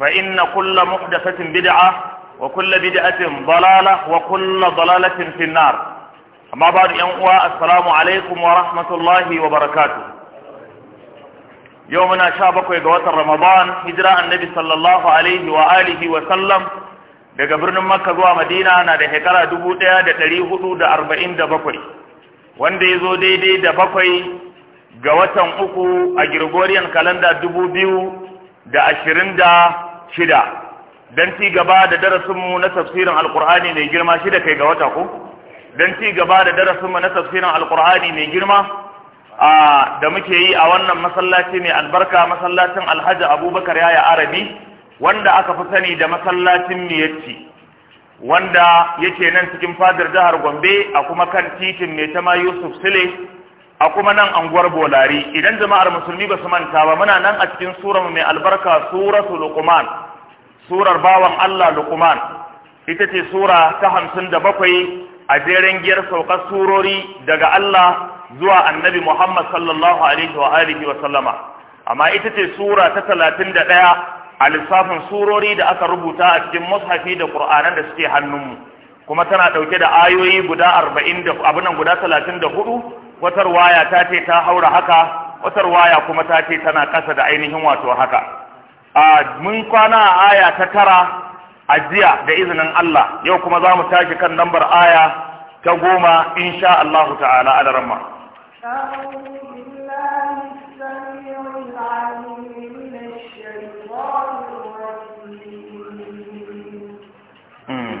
فإن كل محدثة بدعة وكل بدعة ضلالة وكل ضلالة في النار أما بعد ينقوى السلام عليكم ورحمة الله وبركاته يومنا شابك وقوات رمضان هجراء النبي صلى الله عليه وآله وسلم daga birnin Makka zuwa Madina na da shekara 1447 wanda ya zo daidai da bakwai ga watan uku a Gregorian calendar 2000 da ashirin da shida don ci gaba da darasinmu na tafsirin alkur'ani mai girma shida kai ga wata ko don ci gaba da darasinmu na tafsirin alkur'ani mai girma a da muke yi a wannan masallaci mai albarka masallacin alhaji abubakar yaya arabi wanda aka fi sani da masallacin miyacci wanda yake nan cikin fadar jihar gombe a kuma kan titin mai tama yusuf sile a kuma nan anguwar bolari idan jama'ar musulmi ba su manta ba muna nan a cikin surar mai albarka suratul luqman surar bawan Allah luqman ita ce sura ta hamsin da bakwai a jeren giyar saukar surori daga Allah zuwa annabi Muhammad sallallahu alaihi wa alihi wa sallama amma ita ce sura ta talatin da ɗaya a lissafin surori da aka rubuta a cikin mushafi da ƙur'anan da suke hannunmu kuma tana ɗauke da ayoyi guda arba'in da abunan guda talatin da hudu watar waya ta ce ta haura haka watar waya kuma ta ce tana kasa da ainihin wato haka a mun kwana a aya ta tara a jiya da izinin Allah yau kuma za mu tashi kan lambar aya ta goma insha Allah ta'ala ala ramma Mm. Hmm.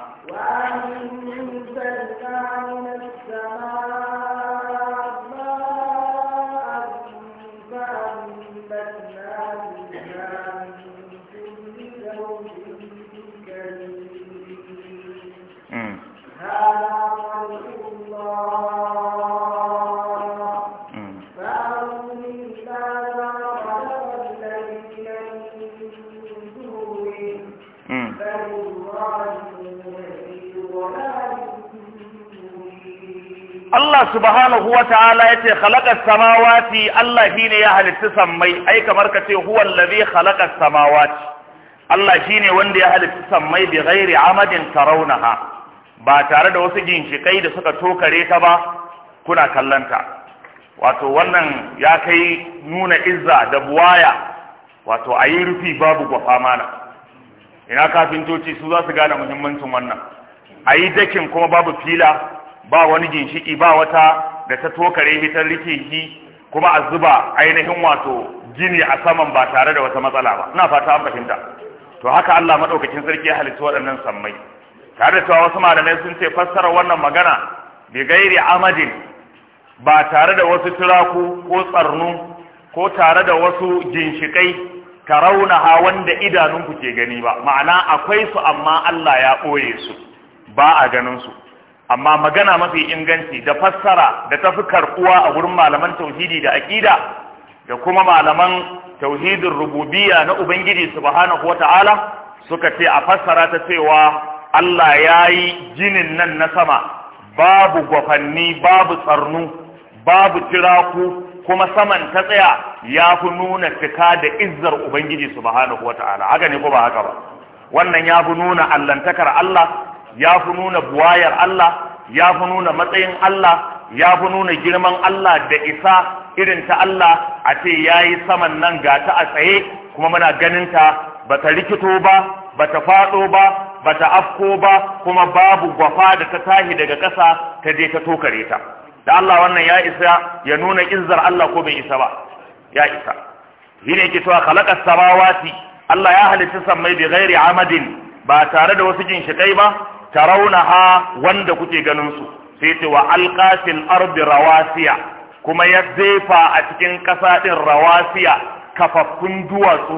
Allah subhanahu wa ta'ala ya ce khalaƙar samawati Allah shi ne ya halitta sammai ai kamar ka ce huwa lazi khalaƙar samawati Allah shi wanda ya halitta sammai bi ghairi amadin tarawnaha ba tare da wasu ginshikai da suka tokare ta ba kuna kallanta wato wannan ya kai nuna izza da buwaya wato ayi rufi babu gwafa mana ina kafintoci su za su gane muhimmancin wannan ayi dakin kuma babu fila ba wani ginshiki ba wata da ta tokare hitar rike shi kuma a zuba ainihin wato gini a saman ba tare da wata matsala ba ina fata an fahimta to haka Allah madaukakin sarki ya halitta waɗannan sammai tare da cewa wasu malamai sun ce fassara wannan magana bi gairi amadin ba tare da wasu turaku ko tsarnu ko tare da wasu ginshikai tarawunaha wanda idanunku ke gani ba ma'ana akwai su amma Allah ya ɓoye su ba a ganin su amma magana mafi inganci da fassara da tafi karbuwa a wurin malaman tauhidi da aqida da kuma malaman tauhidin rububiyya na ubangiji subhanahu wata'ala suka ce a fassara ta cewa Allah ya yi jinin nan na sama babu gwafanni babu tsarnu babu tiraku kuma saman ta tsaya ya fi nuna cika da izzar ubangiji subhanahu wata'ala haka ne ko ba haka ba wannan ya fi nuna allantakar Allah ya fi nuna buwayar Allah ya fi nuna matsayin Allah ya fi nuna girman Allah da isa irin ta Allah a ce ya yi saman nan ga ta a tsaye kuma muna ganin ta ba ta rikito ba ba ta faɗo ba ba ta afko ba kuma babu gwafa da ta tahi daga ƙasa ta je ta tokare ta da Allah wannan ya isa ya nuna izzar Allah ko bai isa ba ya isa shi ne ke cewa khalaqa samawati Allah ya halitta sammai bi ghairi amadin ba tare da wasu ginshiƙai ba tarawunaha wanda kuke ganin su sai ce wa alqatil ardi rawasiya kuma ya zefa a cikin ƙasa din rawasiya kafaffun duwatsu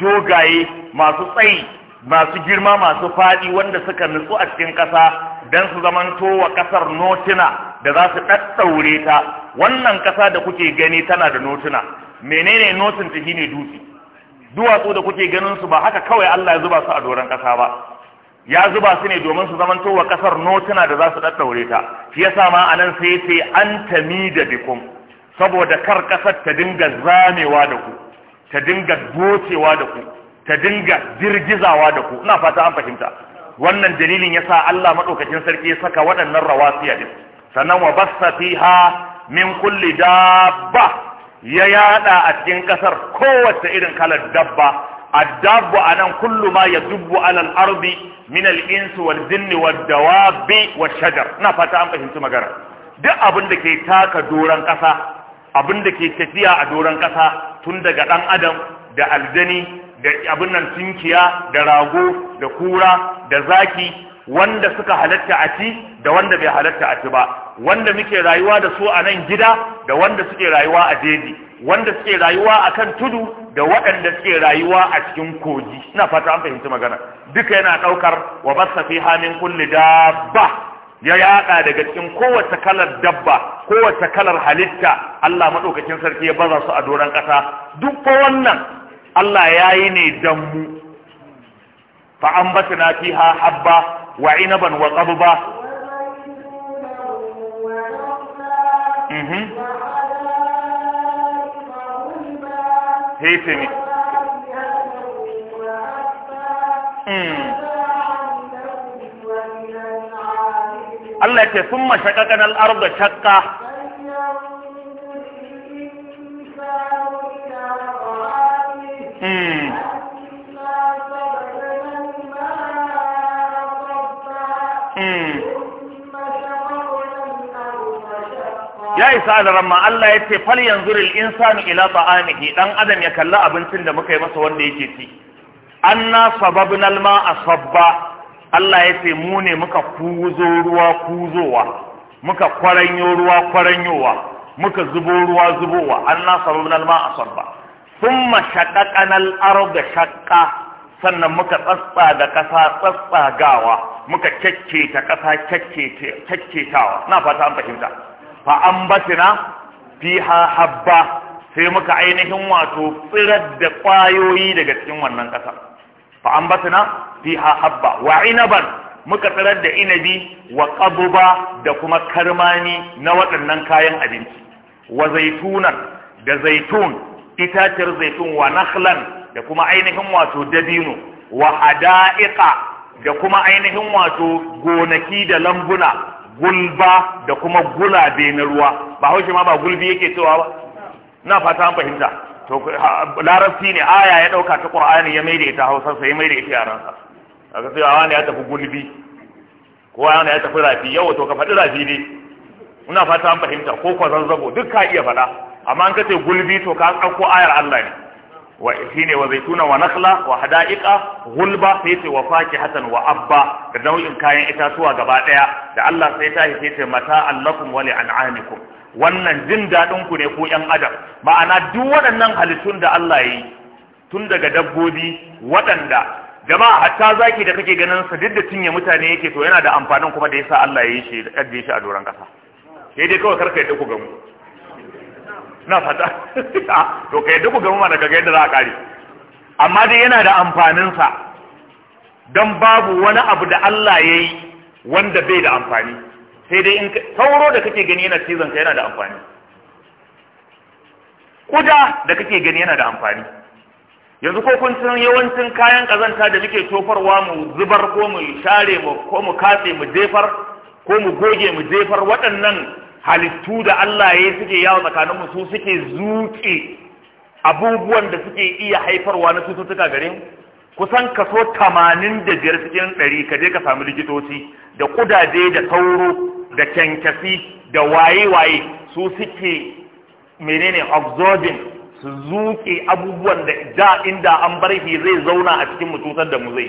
dogaye masu tsayi masu girma masu faɗi wanda suka nutsu a cikin ƙasa dan su zamanto wa ƙasar notuna da za su ɗaɗɗaure ta wannan ƙasa da kuke gani tana da notuna menene notin ta shine dutse duwatsu da kuke ganin su ba haka kawai Allah ya zuba su a doron ƙasa ba ya zuba su ne domin su zamanto wa kasar notuna da za su ɗaɗɗaure ta shi yasa ma a nan sai ce an da bikum saboda kar ƙasar ta dinga zamewa da ku ta dinga bocewa da ku ta dinga girgizawa da ku ina fata an fahimta wannan dalilin yasa Allah madaukakin sarki ya saka waɗannan rawasiya din sannan wa basta fiha min kulli dabba ya yada a cikin kasar kowace irin kalar dabba الداب أنا كل ما يدب على الأرض من الإنس والجن والدواب والشجر نفتا أم فهمت مقرأ duk abin da ke taka doron ƙasa abin da ke tafiya a doron ƙasa tun daga ɗan adam da aljani da abin nan tunkiya da rago da kura da zaki wanda suka halatta a ci da wanda bai halatta a ci ba wanda muke rayuwa da su a nan gida da wanda suke rayuwa a jeji wanda suke rayuwa akan tudu da waɗanda suke rayuwa a cikin koji ina fata an fahimci magana duka yana ɗaukar wa basa fi hamin kulli dabba ya yaɗa daga cikin kowace kalar dabba kowace kalar halitta Allah maɗaukakin sarki ya baza su a doron ƙasa duk fa wannan Allah ya yi ne dan mu fa an fi fiha habba wa inaban wa qabba mhm. hefe mi hmm. Allah ce sun mashakakan al'arba shakka Mm. Hmm. ya isa alaran ma Allah ya ce fal yanzuril insanu ila ta'amihi dan adam ya kalli abincin da muka yi masa wanda yake ci anna sababna alma sabba Allah ya ce mu ne muka kuzo ruwa kuzowa muka kwaranyo ruwa kwaranyowa muka zubo ruwa zubowa anna sababna alma asabba thumma shaqaqna al-ardha shaqqa sannan muka tsatsa da kasa tsatsagawa muka kyakketa kasa kyakketawa na fata an fahimta fa ambatina fiha habba sai muka ainihin wato tsirar da kwayoyi daga cikin wannan ƙasa fa ambatina fiha habba wa inaban muka tsirar da inabi wa qabba da kuma karmani na waɗannan kayan abinci wa zaitunan da zaitun itaciyar zaitun wa nakhlan da kuma ainihin wato dabino wa hada'iqa da kuma ainihin wato gonaki da lambuna gulba da kuma gulabe na ruwa ba haushi ma ba gulbi yake cewa ba na fata an fahimta to larabci ne aya ya dauka ta qur'ani ya maida ita hausa sai ya maida ita yaransa kaga sai wani ya tafi gulbi ko wani ya tafi rafi yau to ka faɗi rafi ne ina fata an fahimta ko kwazan zabo duk ka iya faɗa amma an kace gulbi to ka tsako ayar Allah ne wa shine wa zaituna wa nakhla wa hada'iqa gulba sai ce wa fakihatan wa abba da nau'in kayan itatuwa gaba daya da Allah sai ta sai ce mata allakum wa li wannan jin dadin ku ne ku yan adam ma'ana duk waɗannan halittun da Allah yi tun daga dabbobi waɗanda jama'a hatta zaki da kake ganin sa duk da cinye mutane yake to yana da amfanin kuma da yasa Allah ya yi shi da ya shi a doran kasa sai dai kawai karka duku ga mu. na fata ah, to kai duk ga mana kaga yadda za a kare amma dai yana da amfaninsa don babu wani abu da Allah ya yi wanda bai da amfani sai dai in sauro da kake gani yana cizon ka yana da amfani kuda da kake gani yana da amfani yanzu ko kun san yawancin kayan kazanta da muke tofarwa mu zubar ko mu share mu ko mu katse mu jefar ko mu goge mu jefar waɗannan halittu da Allah ya suke yawo tsakanin mu su suke zuke abubuwan da suke iya haifarwa na cututtuka gare mu kusan kaso tamanin da biyar cikin ɗari ka je ka samu likitoci da kudade da sauro da kyankyasi da waye-waye su suke menene absorbing su zuke abubuwan da da inda an bar shi zai zauna a cikin mu da mu zai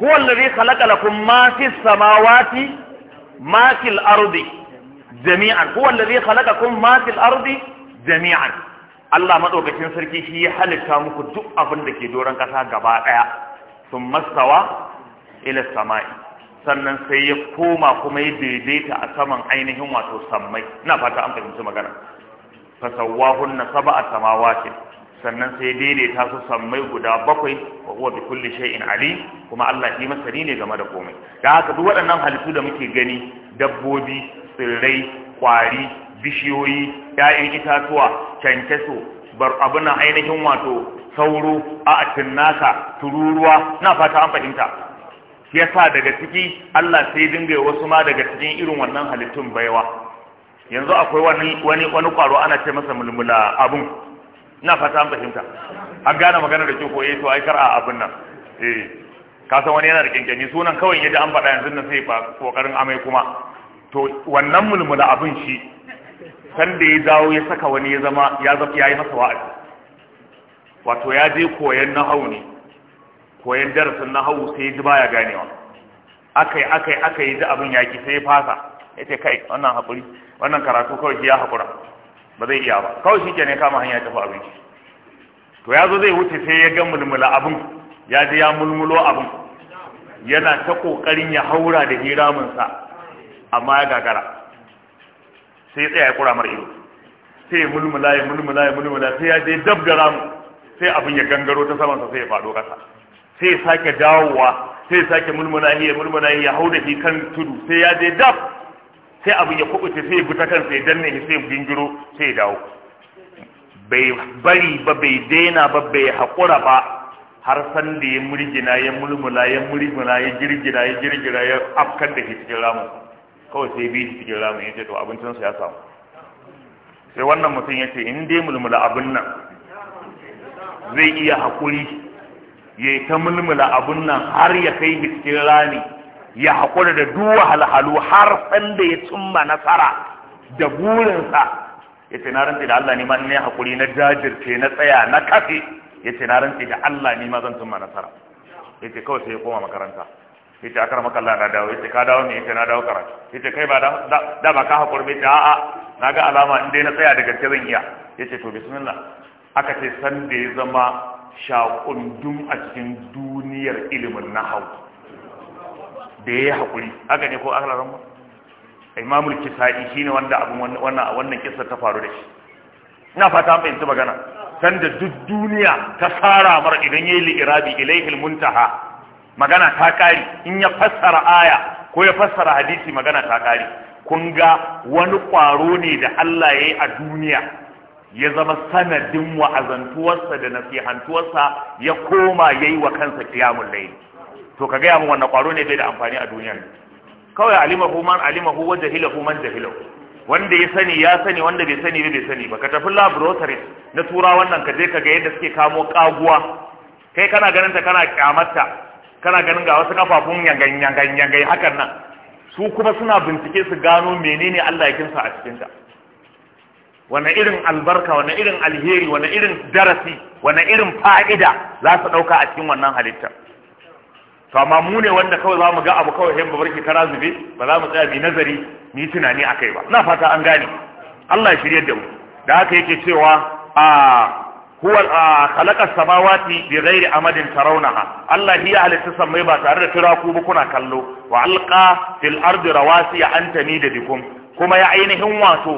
huwa allazi khalaqa lakum ma fis samawati ma fil ardi jami'an huwa allazi khalaqakum ma fil ardi jami'an Allah madaukakin sarki shi ya halitta muku duk abin da ke doron kasa gaba daya sun masawa ila samai sannan sai ya koma kuma ya daidaita a saman ainihin wato sammai na fata an fahimci magana fasawwahunna sab'a sama'watin. sannan sai daidaita su sammai guda bakwai wa huwa bi kulli shay'in ali kuma Allah shi masani ne game da komai da haka duk waɗannan halittu da muke gani dabbobi tsirrai kwari bishiyoyi 'ya'yan itatuwa cancaso bar abuna ainihin wato sauro a cinnaka, tururuwa na fata an fahimta yasa daga ciki Allah sai dinga wasu ma daga cikin irin wannan halittun baiwa yanzu akwai wani wani wani kwaro ana ce masa mulmula abun ina fata an fahimta an gane magana da ke ko eh, to ai kar a abin nan eh ka san wani yana da kinkeni sunan kawai yaji an faɗa yanzu nan sai ba kokarin amai kuma to wannan mulmula abin shi san da ya dawo ya saka wani ya zama ya zafi yayi masa wa'azi wato ya je koyan nahawu ne koyan darasin nahawu sai ya ji baya ganewa akai akai akai ji abin yaki sai ya fasa yace kai wannan hakuri wannan karatu kawai ya hakura ba zai iya ba kawai shi kenan kama hanya tafi abinci, to ya zo zai wuce sai ya ga mulmula abin ya ji ya mulmulo abin yana ta kokarin ya haura da hiraminsa amma ya gagara sai tsaya ya kura mar ido sai ya mulmula ya mulmula ya mulmula sai ya je dab da ramu sai abin ya gangaro ta samansa sai ya faɗo ƙasa sai ya sake dawowa sai ya sake mulmula ya mulmula ya hau da shi kan tudu sai ya je dab sai abin ya kubuta sai ya ta kan sai danne shi sai gingiro sai ya dawo bai bari ba bai daina ba bai hakura ba har san da ya murgina ya mulmula ya murgina ya girgina ya girgina ya afkar da shi cikin ramu kawai sai bi shi cikin ramu ya ce abincin sa ya samu sai wannan mutum yace in dai mulmula abin nan zai iya hakuri ya ta mulmula abin nan har ya kai shi cikin rami ya haƙura da duwa halhalu har san da ya cimma nasara da burinsa ya ce na rantsi da Allah ne ma ne haƙuri na jajirce na tsaya na kafe ya ce na rantsi da Allah ne ma zan cimma nasara ya ce kawai sai ya koma makaranta ya ce akar maka Allah na dawo ya ce ka dawo ne ya ce na dawo karatu ya ce kai ba da ba ka haƙuri ya ce a'a na ga alama inda na tsaya da gaske zan iya ya ce to bismillah aka ce san da ya zama shaƙundun a cikin duniyar ilimin hau. da ya yi haƙuri haka ne ko akalaran ba imamul kisa'i shine wanda abin wannan wannan kissa ta faru da shi ina fata an fahimci magana san da duk duniya ta fara mar idan yayi li'irabi ilaihil muntaha magana ta kare in ya fassara aya ko ya fassara hadisi magana ta kare kun ga wani kwaro ne da Allah ya yi a duniya ya zama sanadin wa'azantuwarsa da nasihantuwarsa ya koma yayi wa kansa qiyamul layl to ka gaya mu wannan kwaro ne bai da amfani a duniya kawai alimahu man alimahu wa jahilahu man jahilahu wanda ya sani ya sani wanda bai sani bai sani ba ka tafi laboratory na tura wannan ka je ka ga yadda suke kamo kaguwa kai kana ganin ta kana kyamarta kana ganin ga wasu kafafun yanganyan ganyan yangan hakan nan su kuma suna bincike su gano menene Allah ya kinsa a cikin ta wani irin albarka wani irin alheri wani irin darasi wani irin fa'ida za su ɗauka a cikin wannan halittar to amma mu ne wanda kawai za mu ga abu kawai yan babarki kara zube ba za mu tsaya mu nazari mu yi tunani a kai ba na fata an gane Allah ya shirye da mu da haka yake cewa a huwa khalaqa samawati bi ghairi amadin tarawnaha Allah hiya halitta samai ba tare da turaku ba kuna kallo wa alqa fil ardi rawasiya an tamida bikum kuma ya ainihin wato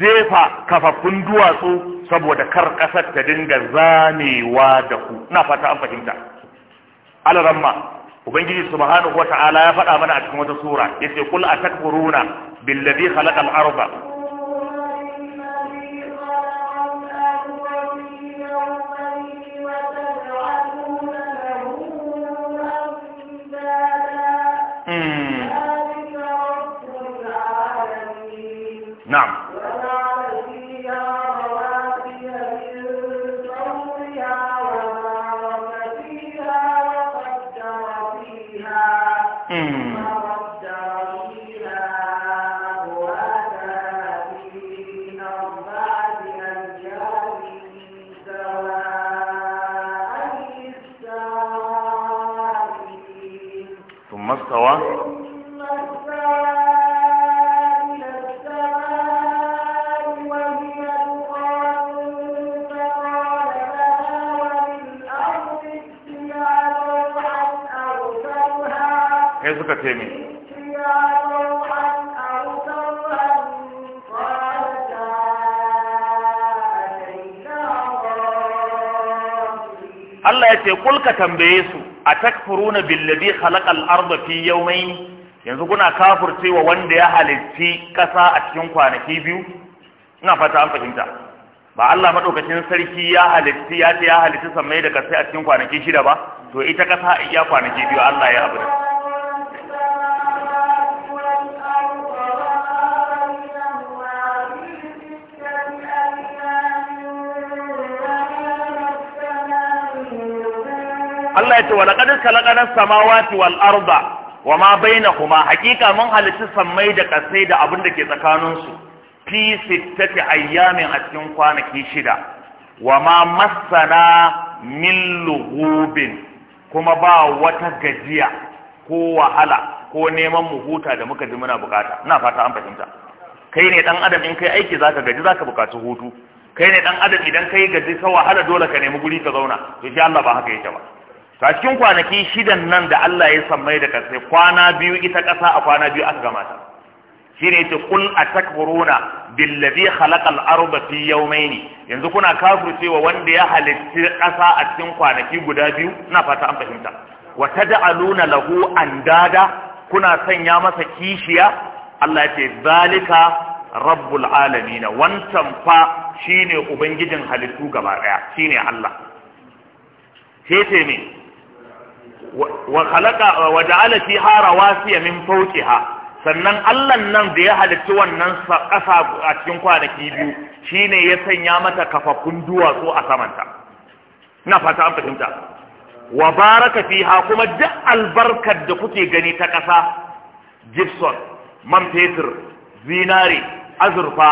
jefa kafaffun duwatsu saboda kar ta dinga zanewa da ku na fata an fahimta alaramma ubangiji subhanahu wata'ala ya faɗa mana a cikin wata sura yace kul atakfuruna billadhi khalaqa al-arda suka ce min Allah ya ce kulka tambaye su a takfuruna billadhi khalaqal arda fi yawmayn yanzu kuna kafircewa wanda ya halitti kasa a cikin kwanaki biyu ina fata an fahimta ba Allah madaukakin sarki ya halitti ya ce ya halitti samai da kasai a cikin kwanaki shida ba to ita kasa iya kwanaki biyu Allah ya abu da Allah ya ce wa laqad khalaqana samawati wal arda wa ma bainahuma haqiqa mun halitta sammai da kasai da abin da ke tsakanin su fi sittati ayyamin a cikin kwanaki shida wa ma masana min lughubin kuma ba wata gajiya ko wahala ko neman mu huta da muka ji muna bukata ina fata an fahimta kai ne dan adam in kai aiki zaka gaji zaka bukaci hutu kai ne dan adam idan kai gaji sai wahala dole ka nemi guri ka zauna to shi Allah ba haka yake ba a cikin kwanaki shidan nan da Allah ya sammai da kasa kwana biyu ita ƙasa a kwana biyu aka gama ta shine yace kul atakfuruna billadhi khalaqal arda fi yawmayn yanzu kuna cewa wanda ya halitti ƙasa a cikin kwanaki guda biyu ina fata an fahimta wa tad'aluna lahu andada kuna sanya masa kishiya Allah ce zalika rabbul alamin wancan fa shine ubangijin halittu gaba daya shine Allah sai ce ne wa khalaqa wa ja'ala fiha rawasiya min fawqiha sannan Allah nan da ya halitta wannan ƙasa a cikin kwanaki biyu shine ya sanya mata kafafun duwatsu a samanta ina fata an fahimta wa baraka fiha kuma duk albarkar da kuke gani ta ƙasa gibson man fetur zinare azurfa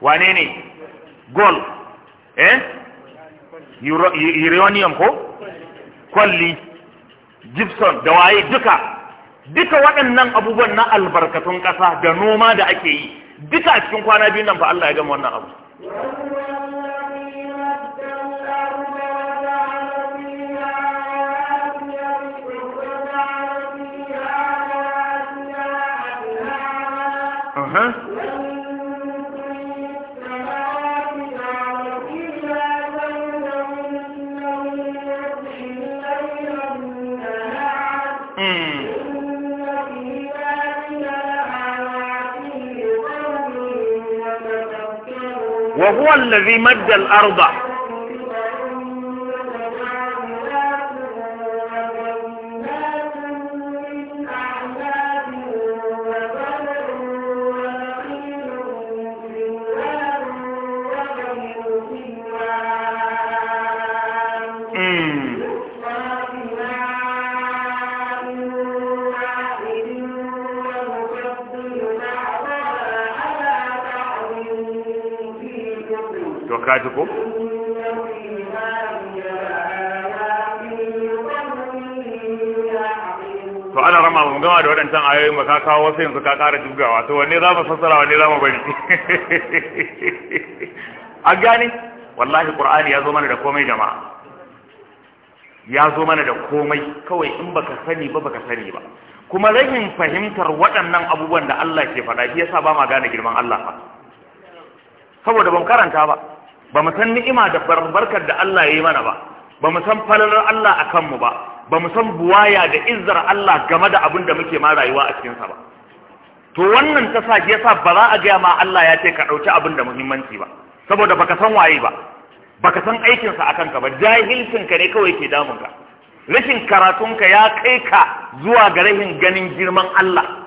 wane ne gold eh uranium ko kwalli gibson da waye duka duka waɗannan abubuwan na albarkatun ƙasa da noma da ake yi duka a cikin kwana biyu nan fa Allah ya gama wannan abu huh وهو الذي مد الأرض أمهاتكم to ana rama mun gama da waɗancan ayoyin ba ka kawo wasu yanzu ka ƙara jibgawa to wanne za mu sassara wanne za mu bari a gane wallahi qur'ani ya zo mana da komai jama'a ya zo mana da komai kawai in baka sani ba baka sani ba kuma rahin fahimtar waɗannan abubuwan da Allah ke faɗa shi yasa ba ma gane girman Allah ba saboda ban karanta ba ba mu san ni'ima da barbarkar da Allah ya yi mana ba ba mu san falalar Allah a kanmu ba ba mu san buwaya da izzar Allah game da abin da muke ma rayuwa a cikinsa ba to wannan ta sa ya sa ba za a gaya ma Allah ya ce ka ɗauki abin da muhimmanci ba saboda baka san waye ba baka san aikinsa a kanka ba jahilcinka ne kawai ke damunka rashin karatun ka ya kai ka zuwa ga rahin ganin girman Allah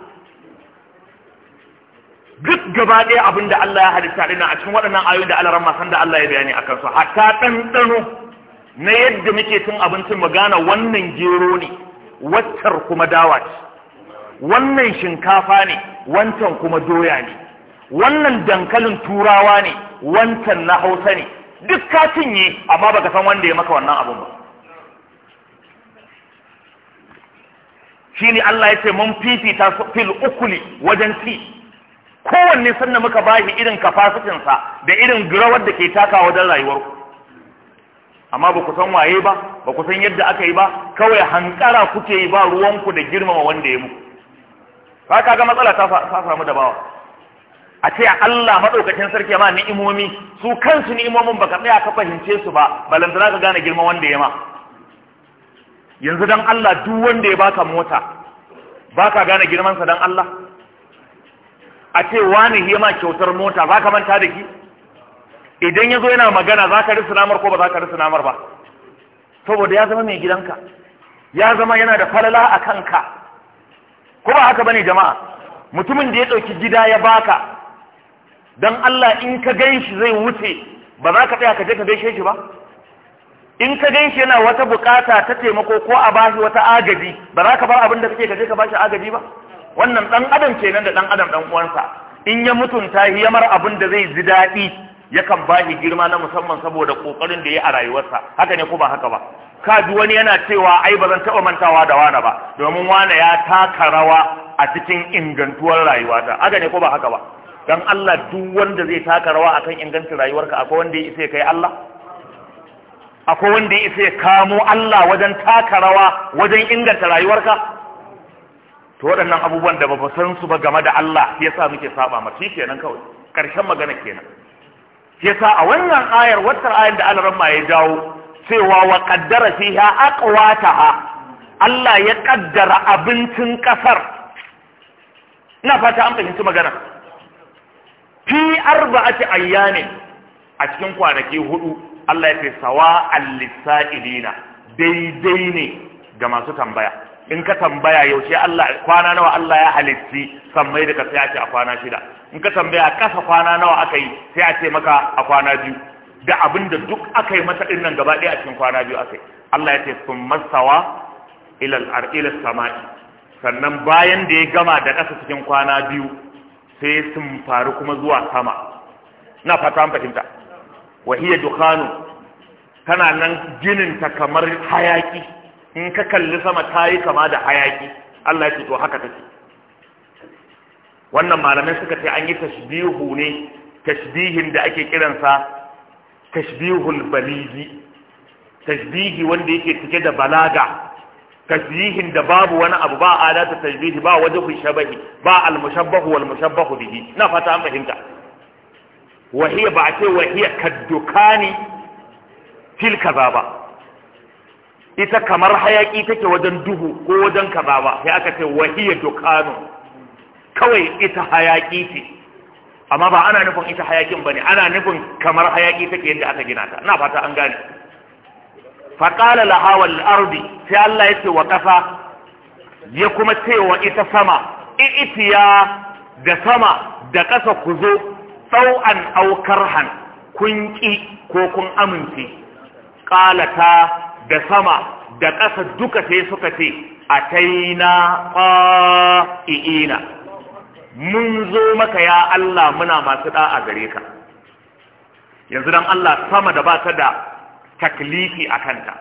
duk gaba ɗaya abin da Allah ya halitta ɗina a cikin waɗannan ayoyi da Allah ramma da Allah ya bayani a su hatta ɗanɗano na yadda muke cin abincin mu gane wannan gero ne waccar kuma dawa ce wannan shinkafa ne wancan kuma doya ne wannan dankalin turawa ne wancan na hausa ne duk ka cinye amma baka san wanda ya maka wannan abin ba shine Allah ya ce mun fifita fil ukuli wajen ci kowanne muka ba shi irin kafasitinsa da irin girawar da ke taka wajen rayuwarku amma ba ku san waye ba ba ku san yadda aka yi ba kawai hankara kuke yi ba ruwanku da girmama wanda ya muku ba ka ga matsala ta samu da bawa a ce Allah maɗaukacin sarki ma ni'imomi su kansu ni'imomin baka tsaya ka fahimce su ba balantana ka gane girman wanda ya ma yanzu dan Allah duk wanda ya baka mota baka gane girmansa dan Allah a ce wani ya ma kyautar mota za ka manta da ki? idan ya zo yana magana za ka risu namar ko ba za ka risu namar ba saboda ya zama mai gidanka ya zama yana da falala a kanka ko ba haka bane jama'a mutumin da ya ɗauki gida ya baka don Allah in ka gan zai wuce ba za ka tsaya ka je ka gaishe shi ba in ka gan yana wata bukata ta taimako ko a bashi wata agaji ba za ka bar abin da kake ka je ka bashi agaji ba wannan ɗan adam kenan da ɗan adam ɗan uwansa in ya mutunta hiyamar abin da zai ji daɗi yakan ba shi girma na musamman saboda ƙoƙarin da ya a rayuwarsa haka ne ko ba haka ba ka ji wani yana cewa ai ba zan taɓa mantawa da wane ba domin wane ya taka rawa a cikin ingantuwar rayuwata haka ne ko ba haka ba dan Allah duk wanda zai taka rawa akan ingancin rayuwarka akwai wanda ya isa kai Allah akwai wanda ya isa kamo Allah wajen taka rawa wajen inganta rayuwarka to waɗannan abubuwan da ba ba san su ba game da Allah yasa muke saba ma shi kenan kawai karshen magana kenan yasa a wannan ayar wannan ayar da Allah ramma ya jawo cewa wa qaddara fiha aqwataha Allah ya kaddara abincin kasar ina fata an fahimci magana fi arba'ati ayyamin a cikin kwanaki hudu Allah ya ce sawa al-lisailina daidai ne ga masu tambaya in ka tambaya yaushe Allah kwana nawa Allah ya halitti sammai da ka a ce a kwana shida in ka tambaya kasa kwana nawa aka yi sai a ce maka a kwana biyu da abin duk aka yi mata dinnan gaba ɗaya a cikin kwana biyu aka yi Allah ya ce sun masawa ilal sama'i sannan bayan da ya gama da kasa cikin kwana biyu sai sun faru kuma zuwa sama na fata an fahimta hiya dukhanu tana nan ginin ta kamar hayaki in ka kalli sama ta yi kama da hayaki Allah ya ce to haka take wannan malamai suka ce an yi tashbihu ne tashbihin da ake kiransa tashbihul baligi tashbihi wanda yake cike da balaga tashbihin da babu wani abu ba adata tashbihi ba waje wajhu shabahi ba al-mushabbahu wal mushabbahu bihi na fata an fahimta wahiya ba a ce wahiya kaddukani fil kaza ba ita kamar hayaki take wajen duhu ko wajen kaza ba sai aka ce wahiyya dukanu kawai ita hayaki ce amma ba ana nufin ita hayakin bane ana nufin kamar hayaki take yadda aka gina ta ina fata an gane fa qala ardi sai Allah yace wa ƙasa ya kuma cewa ita sama itiya da sama da ƙasa ku zo tsau'an aukar han kun ƙi ko kun amince ƙalata da sama da ƙasa duka sai suka ce a taina ƙa'i'ina mun zo maka ya Allah muna masu ɗa a gare ka yanzu don Allah sama da ba ta da taklifi a kanta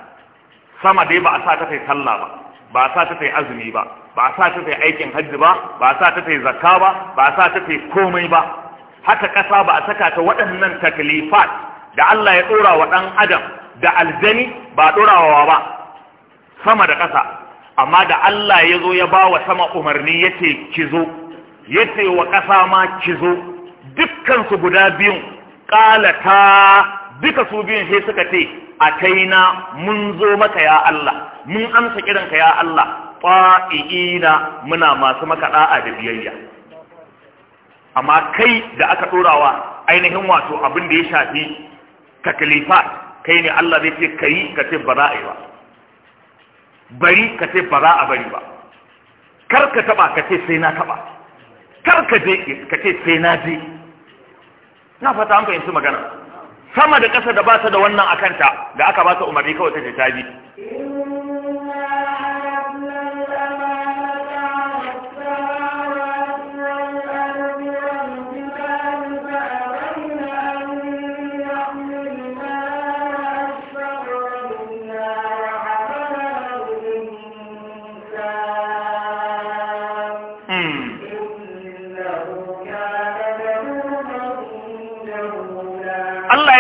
sama dai ba a sa ta kai sallah ba ba a sa ta kai azumi ba ba a sa ta kai aikin hajji ba ba a sa ta kai zakka ba ba a sa ta kai komai ba haka ƙasa ba a saka ta waɗannan taklifat da Allah ya ɗora wa ɗan adam da aljani ba ɗorawa ba sama da ƙasa amma da Allah ya zo ya ba wa sama umarni ya ce ki zo ya ce wa ƙasa ma ki zo dukkansu guda biyun ƙalata duka su biyun sai suka ce a kaina mun zo maka ya Allah mun amsa kiranka ya Allah fa'i'ina muna masu maka da'a da biyayya amma kai da aka ɗorawa ainihin wato abin da ya shafi taklifat kai ne Allah zai ce kai ka ce ba za a yi ba bari ka ce ba za a bari ba kar ka taba ka ce sai na taba kar ka je ka ce sai na je na fata an fahimci magana sama da ƙasa da ba ta da wannan akanta da aka ba ta umarni kawai ta ce ta bi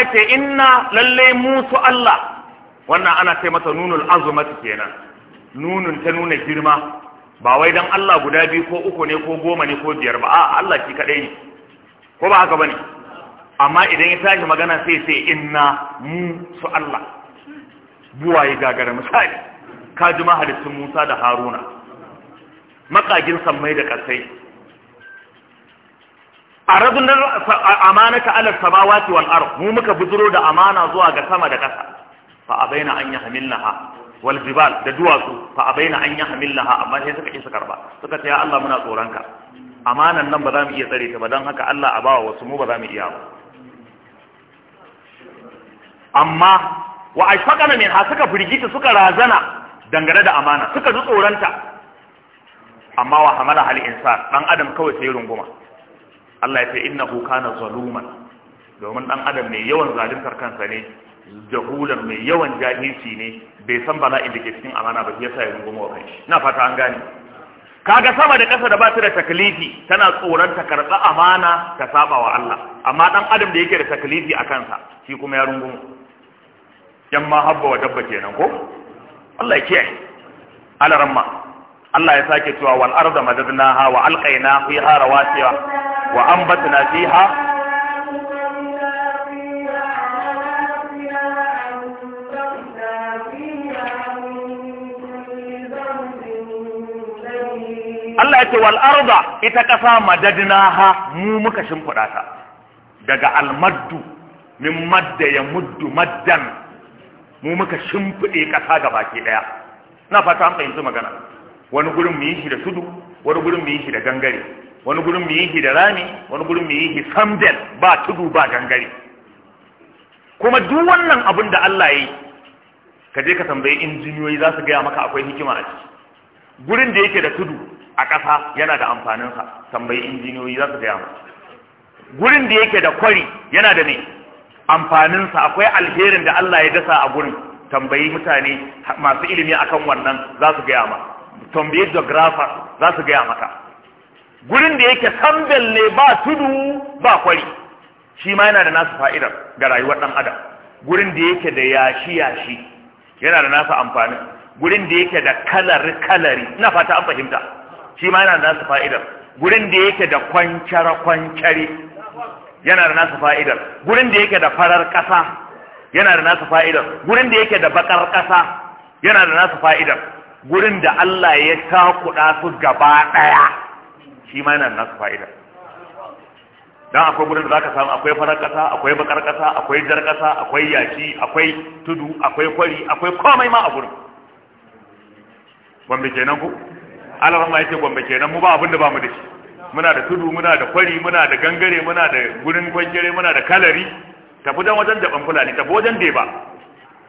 ya ce inna lalle mu su Allah wannan ana ce masa nunul azumati kenan nunun ta nuna girma ba wai dan Allah guda biyu ko uku ne ko goma ne ko biyar ba a'a Allah shi kadai ne ko ba haka bane amma idan ya tashi magana sai sai inna mu su Allah buwaye gagara misali ka ji mahaliccin Musa da Haruna makagin mai da kasai aradun amanata ala samawati wal ard mu muka buduro da amana zuwa ga sama da ƙasa fa abaina an yahmilnaha wal jibal da duwatsu fa abaina an yahmilnaha amma sai suka isa karba suka ce ya Allah muna tsoron ka amanan nan ba za mu iya tsare ta ba dan haka Allah a bawa wasu mu ba za mu iya ba amma wa ashfaqana min ha suka firgita suka razana dangane da amana suka ji tsoronta amma wa hamala hal insan dan adam kawai sai runguma Allah ya ce hu kana zaluman domin dan adam mai yawan zaluntar kansa ne jahulan mai yawan jahilci ne bai san bala'in da ke cikin amana ba yasa ya runguma wa na fata an gane kaga sama da kasa da ba ta da taklifi tana tsoron ta karɓa amana ta saba wa Allah amma dan adam da yake da taklifi a kansa shi kuma ya rungumo yan mahabba wa dabba kenan ko Allah ya kiyaye alaramma Allah ya sake cewa wal arda madadnaha wa alqaina fiha rawasiya wa anbatna fiha Allah ya ce wal arda ita kasa madadnaha mu muka shimfida ta daga almaddu min madda ya muddu maddan mu muka shimfide kasa gabaki daya na fata an fahimci magana wani gurin mu yi shi da tudu wani gurin mu yi shi da gangare wani gurin mu yi shi da rami wani gurin mu yi shi samdel ba tudu ba gangare kuma duk wannan abin da Allah ya yi ka je ka tambayi injiniyoyi za su gaya maka akwai hikima a ciki gurin da yake da tudu a ƙasa yana da amfanin sa tambayi injiniyoyi za su gaya maka gurin da yake da kwari yana da ne sa akwai alherin da Allah ya dasa a gurin tambayi mutane masu ilimi akan wannan za su gaya maka tambaye geographer za su gaya maka gurin da yake sambel ne ba tudu ba kwari shi ma yana da nasu fa'idar ga rayuwar ɗan adam gurin da yake da yashi yashi yana da nasu amfani gurin da yake da kalari kalari ina fata an fahimta shi ma yana da nasu fa'idar gurin da yake da kwancara kwancari yana da nasu fa'idar gurin da yake da farar ƙasa yana da nasu fa'idar gurin da yake da bakar ƙasa yana da nasu fa'idar gurin da Allah ya takuɗa su gaba ɗaya shi ma yana nasu fa'ida don akwai gurin da za ka samu akwai farar ƙasa akwai bakar ƙasa akwai jar ƙasa akwai yashi akwai tudu akwai kwari akwai komai ma a gurin gombe kenan ku alhamma ya ce gombe kenan mu ba abinda da ba mu da shi muna da tudu muna da kwari muna da gangare muna da gurin kwankere muna da kalari tafi don wajen jaban fulani tafi wajen deba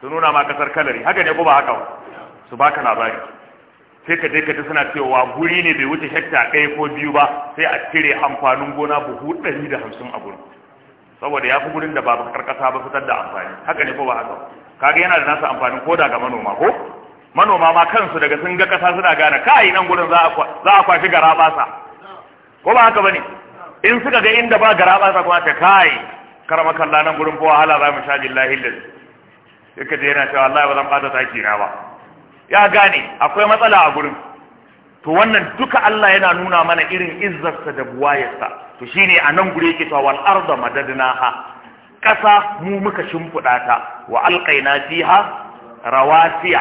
su nuna ma kasar kalari haka ne ko ba haka ba su baka labari sai ka je ka ji suna cewa guri ne bai wuce hekta ɗaya ko biyu ba sai a cire amfanin gona buhu ɗari da hamsin a gurin saboda ya fi gurin da ba bakar ba fitar da amfani haka ne ko ba haka kaga yana da nasa amfanin ko da ga manoma ko manoma ma kansu daga sun ga kasa suna gane kai nan gurin za a kwashi gara basa ko ba haka bane in suka ga inda ba gara basa kuma ta kai karama kalla nan gurin ko wahala za mu sha billahi lillahi yake je yana cewa wallahi ba zan bata taki na ba ya gane akwai matsala a gurin to wannan duka Allah yana nuna mana irin izzarsa da buwayarsa to shine a nan gure yake cewa arda madadnaha ƙasa mu muka shimfiɗata, ta wa alƙaina fiha rawasiya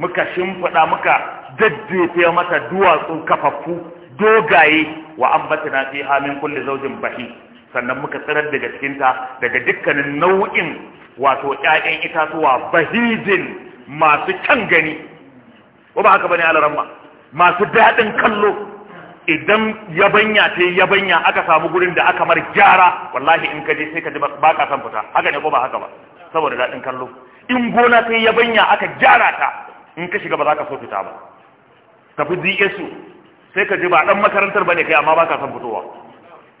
muka shimfiɗa muka daddefe mata duwatsu kafaffu dogaye wa ambatna fiha min kulli zawjin bahi sannan muka tsirar daga cikinta daga dukkanin nau'in wato ƴaƴan itatuwa bahijin masu can gani ko ba haka bane alaramma masu daɗin kallo idan yabanya ta yabanya aka samu gurin da aka mar gyara wallahi in ka je sai ka ji ba ka san fita haka ne ko ba haka ba saboda daɗin kallo in gona ta yabanya aka gyara ta in ka shiga ba za ka so fita ba tafi DSU sai ka ji ba dan makarantar bane kai amma ba ka san fitowa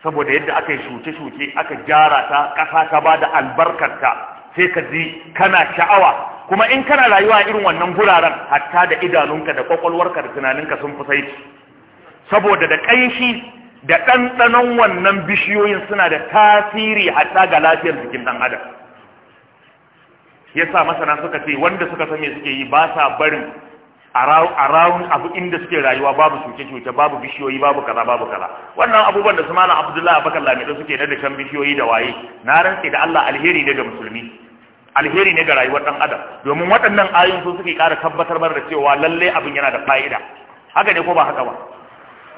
saboda yadda aka yi shuke-shuke aka gyara ta ƙasa ta ba da albarkarta sai ka ji kana sha'awa kuma in kana rayuwa irin wannan guraren hatta da idanunka da kwakwalwarka da tunaninka sun fi saiti saboda da ƙanshi da ɗanɗanon wannan bishiyoyin suna da tasiri hatta ga lafiyar jikin ɗan adam yasa masana suka ce wanda suka san me suke yi ba sa barin a rawun abu inda suke rayuwa babu cuce-cuce babu bishiyoyi babu kaza babu kaza wannan abubuwan da su malam abdullahi abakan lamido suke na dashen bishiyoyi da waye na rantse da allah alheri ne ga musulmi alheri ne ga rayuwar dan adam domin waɗannan ayoyin su suke ƙara tabbatar mana da cewa lalle abin yana da fa'ida haka ne ko ba haka ba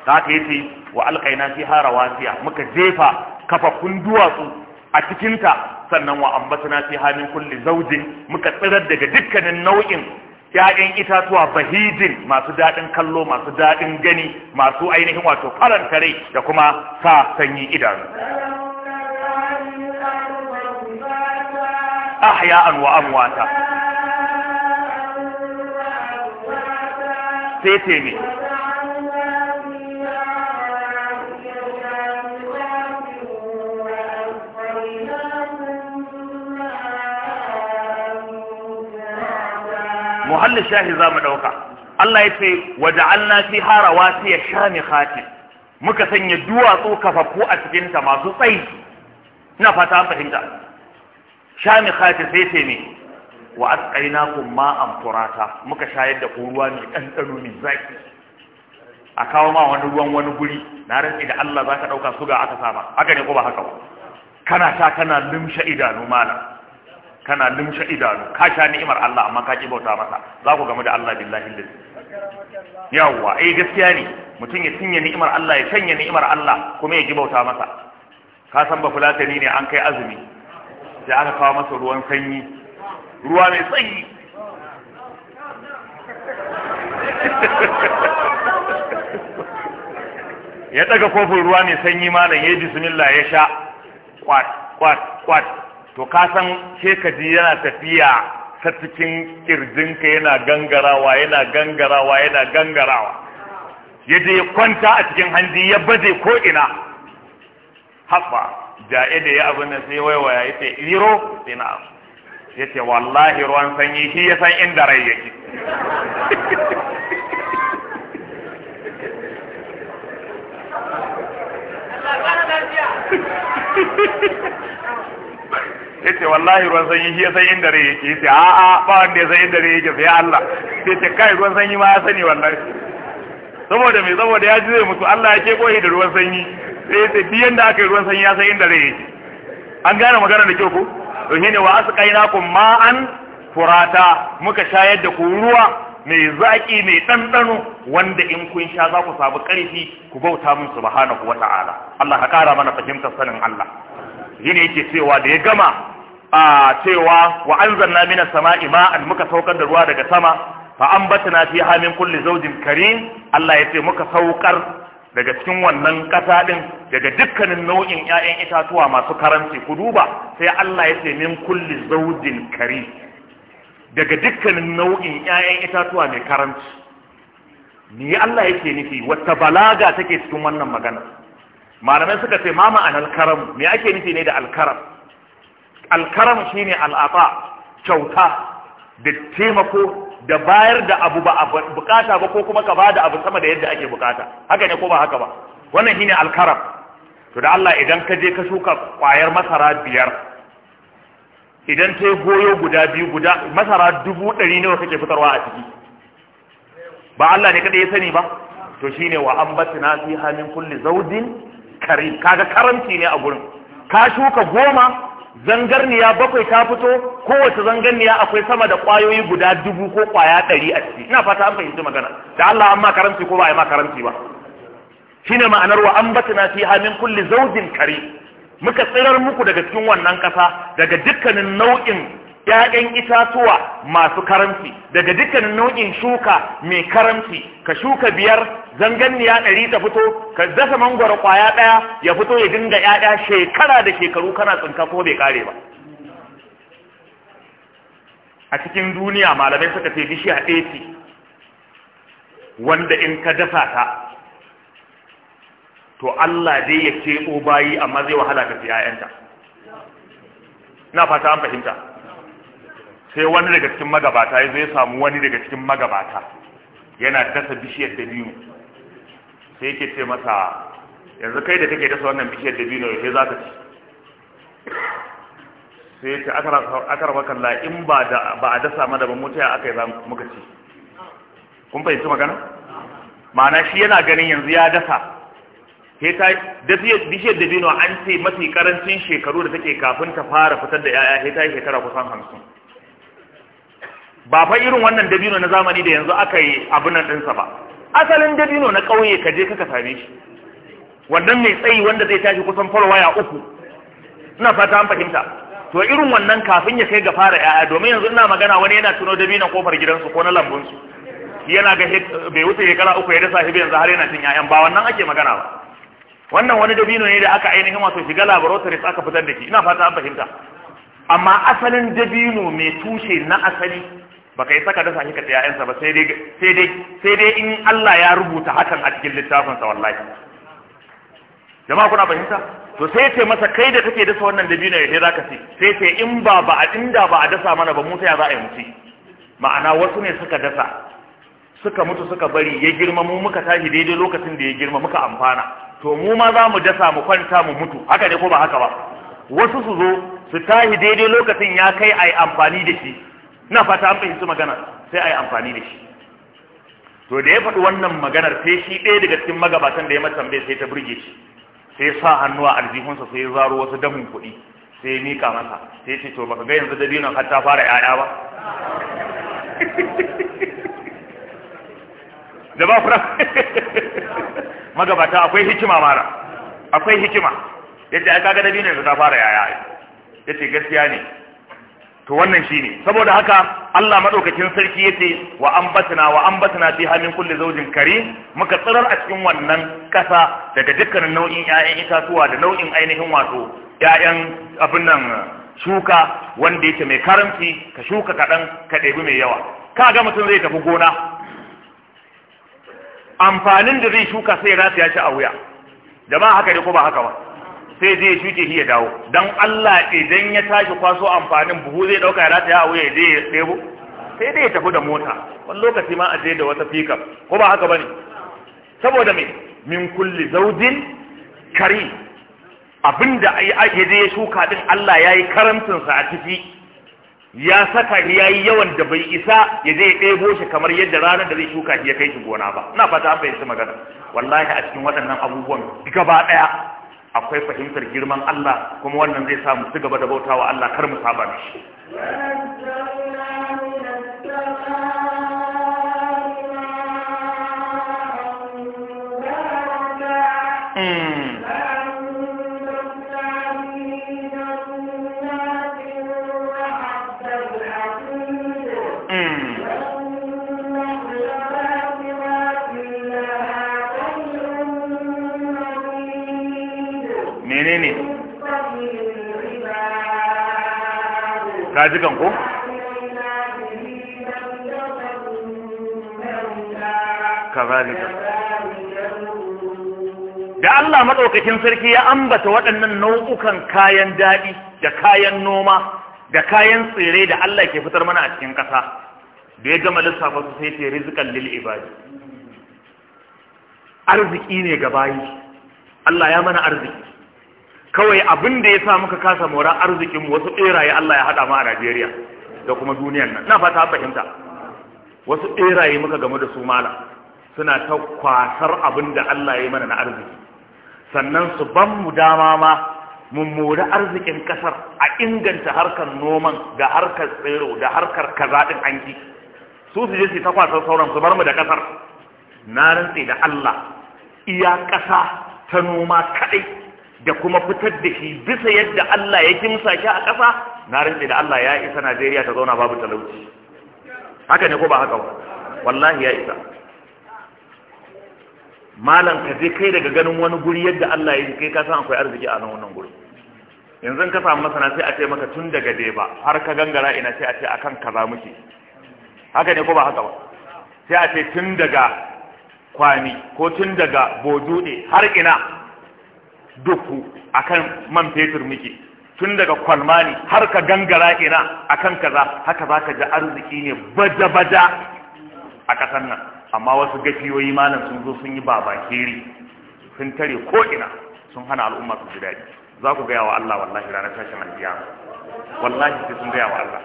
haka yace wa alqaina fiha rawasiya muka jefa kafafun duwatsu a cikinta sannan wa ambatana fi min kulli zawjin muka tsirar daga dukkanin nau'in ‘ya'yan itatuwa bahijin masu daɗin kallo masu daɗin gani masu ainihin wato faranta rai da kuma sa sanyi idanu. ahya'an wa amwata sai ce ne muhallin shahi za mu ɗauka Allah ya ce waja'alna fi harawa sai ya shami muka sanya duwatsu kafafu a cikinta masu tsayi na fata fahimta shami khati sai ce ne wa asqainakum ma amfurata? muka shayar da ku ruwa mai ɗanɗano mai zaki a kawo ma wani ruwan wani guri na rantsi da Allah zaka dauka suga aka saba haka ne ko ba haka ba kana ta kana limsha idanu mana. kana limsha idanu ka sha ni'imar Allah amma ka ki bauta masa za ku gamu da Allah billahi lillahi yawwa eh gaskiya ne mutum ya cinye ni'imar Allah ya sanya ni'imar Allah kuma ya ki bauta masa ka san ba fulatani ne an kai azumi sai aka kawo masa ruwan sanyi ruwa mai sanyi ya daga kofin ruwa mai sanyi malam ya yi bismillah ya sha kwat kwat kwat to ka san shekaji yana tafiya ta cikin kirjinka yana gangarawa yana gangarawa yana gangarawa ya je kwanta a cikin hanji ya baje ko ina haɓa jaye da ya abin nan sai waiwaya ya ce iro sai na amsa ya ce wallahi ruwan sanyi shi ya san inda rai yake ya ce wallahi ruwan sanyi shi ya san inda rai yake ya ce a'a ba wanda ya san inda rai yake sai Allah ya ce kai ruwan sanyi ma ya sani wallahi saboda mai saboda ya ji zai mutu Allah ya ke koyi da ruwan sanyi sai ya da aka yi ruwan sanyi ya san inda rai yake an gane magana da kyau ku. to shine wa asqainakum ma'an furata muka shayar da ku ruwa mai zaki mai ɗanɗano wanda in kun sha za ku sabu karfi ku bauta min subhanahu wata'ala Allah ka ƙara mana fahimtar sanin Allah shine yake cewa da ya gama a cewa wa anzalna minas sama'i ma'an muka saukar da ruwa daga sama fa ambatna fiha min kulli zawjin karim Allah ya ce muka saukar daga cikin wannan ƙasa ɗin daga dukkanin nau'in 'ya'yan itatuwa masu karanci ku duba sai Allah ya ce min kulli zaujin kari daga dukkanin nau'in 'ya'yan itatuwa mai karanci ni Allah yake nufi wata balaga take cikin wannan magana malamai suka ce mama an alkaram me ake nufi ne da alkaram alkaram shine al'ata kyauta da taimako da bayar da abu ba a bukata ba ko kuma ka ba da abu sama da yadda ake bukata haka ne ko ba haka ba wannan shine alkaram to da Allah idan ka je ka shuka kwayar masara biyar idan ta goyo guda biyu guda masara dubu ɗari nawa kake fitarwa a ciki ba Allah ne kada ya sani ba to shine wa an na fiha min kulli zawdin karim kaga karanci ne a gurin ka shuka goma zangarniya bakwai ta fito kowace zangarniya akwai sama da kwayoyi guda dubu ko kwaya ɗari a ciki ina fata an fahimci magana da Allah an makaranci ko ba a yi makaranci ba shine ma'anar wa an ambatna fiha min kulli zawjin kari muka tsirar muku daga cikin wannan ƙasa daga dukkanin nau'in ‘ya'yan itatuwa masu karamci daga dukkanin nau'in shuka mai karamci ka shuka biyar zanganniya ɗari ta fito ka dasa mangwaro ƙwaya ɗaya ya fito ya dinga ‘ya'ya shekara da shekaru kana tsinka ko bai kare ba a cikin duniya malamai suka ce bishiya ɗaya ce wanda in ka dafa ta to Allah dai ya keɓo bayi amma zai wahala ka fi ‘ya'yanta na fata an fahimta sai wani daga cikin magabata ya zai samu wani daga cikin magabata yana dasa bishiyar da biyu. sai yake ce masa yanzu kai da kake dasa wannan bishiyar da dabino sai za ka ci sai ya ce aka raba kalla in ba a dasa mana ba ya aka yi za muka ci kun fahimci magana ma'ana shi yana ganin yanzu ya dasa sai ta bishiyar biyu an ce mafi karancin shekaru da take kafin ta fara fitar da 'ya'ya sai ta yi shekara kusan hamsin ba fa irin wannan dabino na zamani da yanzu aka yi abunan ɗinsa ba asalin dabino na ƙauye ka je same shi wannan mai tsayi wanda zai tashi kusan farwaya uku ina fata an fahimta to irin wannan kafin ya kai ga fara yaya domin yanzu ina magana wani yana tuno dabinon kofar gidansu ko na lambunsu yana ga bai wuce shekara uku ya dasa sahibi yanzu har yana cin yayan ba wannan ake magana ba wannan wani dabino ne da aka ainihin wato shiga laboratory aka fitar da shi ina fata an fahimta amma asalin dabino mai tushe na asali baka yi saka dasa shi ka tsaya sa ba sai dai sai dai sai dai in Allah ya rubuta hakan a cikin littafin sa wallahi jama'a kuna fahimta to sai ce masa kai da take dasa wannan da dabino ya zaka ci sai ce in ba ba a inda ba a dasa mana ba mu sai ya za a yi ci ma'ana wasu ne suka dasa suka mutu suka bari ya girma mu muka tashi daidai lokacin da ya girma muka amfana to mu ma za mu dasa mu kwanta mu mutu haka ne ko ba haka ba wasu su zo su tashi daidai lokacin ya kai a yi amfani da shi na fata an fahimci magana sai a yi amfani da shi to da ya faɗi wannan maganar sai shi ɗaya daga cikin magabatan da ya mata tambaye sai ta burge shi sai sa hannu a aljihunsa sai ya zaro wasu damin kuɗi sai ya miƙa masa sai ce to baka ga yanzu dabinon har ta fara 'ya'ya ba da ba fura magabata akwai hikima mara akwai hikima yace ai kaga dabinon yanzu ta fara 'ya'ya yace gaskiya ne to wannan shi ne saboda haka Allah madaukakin sarki yace wa ambatna wa ambatna fi halin kulli zawjin karim muka tsirar a cikin wannan kasa daga dukkanin nau'in ƴaƴan itatuwa da nau'in ainihin wato ƴaƴan abin nan shuka wanda yake mai karamci ka shuka kaɗan ka ɗebi mai yawa ka ga mutum zai tafi gona amfanin da zai shuka sai ya rataya shi a wuya jama'a haka ne ko ba haka ba sai zai ya shuke shi ya dawo dan Allah idan ya tashi kwaso amfanin buhu zai dauka ya rataya a wuya je ya ɗebo sai dai ya tafi da mota wani lokaci ma a je da wata fika ko ba haka bane saboda me min kulli zaujin kari abinda ake je ya shuka din Allah yayi karantin sa a ciki ya saka ya yi yawan da bai isa ya ya ɗebo shi kamar yadda ranar da zai shuka shi ya kai shi gona ba ina fata an fahimci magana wallahi a cikin waɗannan abubuwan gaba ɗaya akwai fahimtar girman Allah kuma wannan zai sa mu ci gaba da bautawa Allah kar mu saba da shi ka ji kan ko kazalika da Allah madaukakin sarki ya ambata waɗannan nau'ukan kayan daɗi da kayan noma da kayan tsere da Allah ke fitar mana a cikin ƙasa da ya gama lissafa su sai ce rizqan lil ibadi arziki ne ga bayi Allah ya mana arziki kawai abin da ya sa muka kasa mora arzikin wasu ɓeraye Allah ya haɗa mu a Najeriya da kuma duniyar nan na fata fahimta wasu ɓeraye muka game da su mala suna ta kwasar abin da Allah ya mana na arziki sannan su ban mu dama ma mu mori arzikin kasar a inganta harkar noman da harkar tsero da harkar kaza din su su je su ta kwasar sauran su bar mu da kasar na rantse da Allah iya ƙasa ta noma kaɗai. da kuma fitar da shi bisa yadda Allah ya kimsa shi a ƙasa na rinde da Allah ya isa Najeriya ta zauna babu talauci haka ne ko ba haka wallahi ya isa malam ka je kai daga ganin wani guri yadda Allah ya kai ka san akwai arziki a nan wannan guri yanzu ka samu masana sai a ce maka tun daga ba har ka gangara ina sai a ce akan kaza muke haka ne ko ba haka ba sai a ce tun daga kwani ko tun daga bojude har ina duku akan man fetur muke tun daga kwalmani har ka gangara ina akan kaza haka za ka ji arziki ne baja-baja a ƙasar nan amma wasu gafiyoyi malam sun zo sun yi baba keri sun tare ko ina sun hana al'umma su ji daɗi za ku gaya wa Allah wallahi ranar tashin aljiya wallahi sai sun gaya wa Allah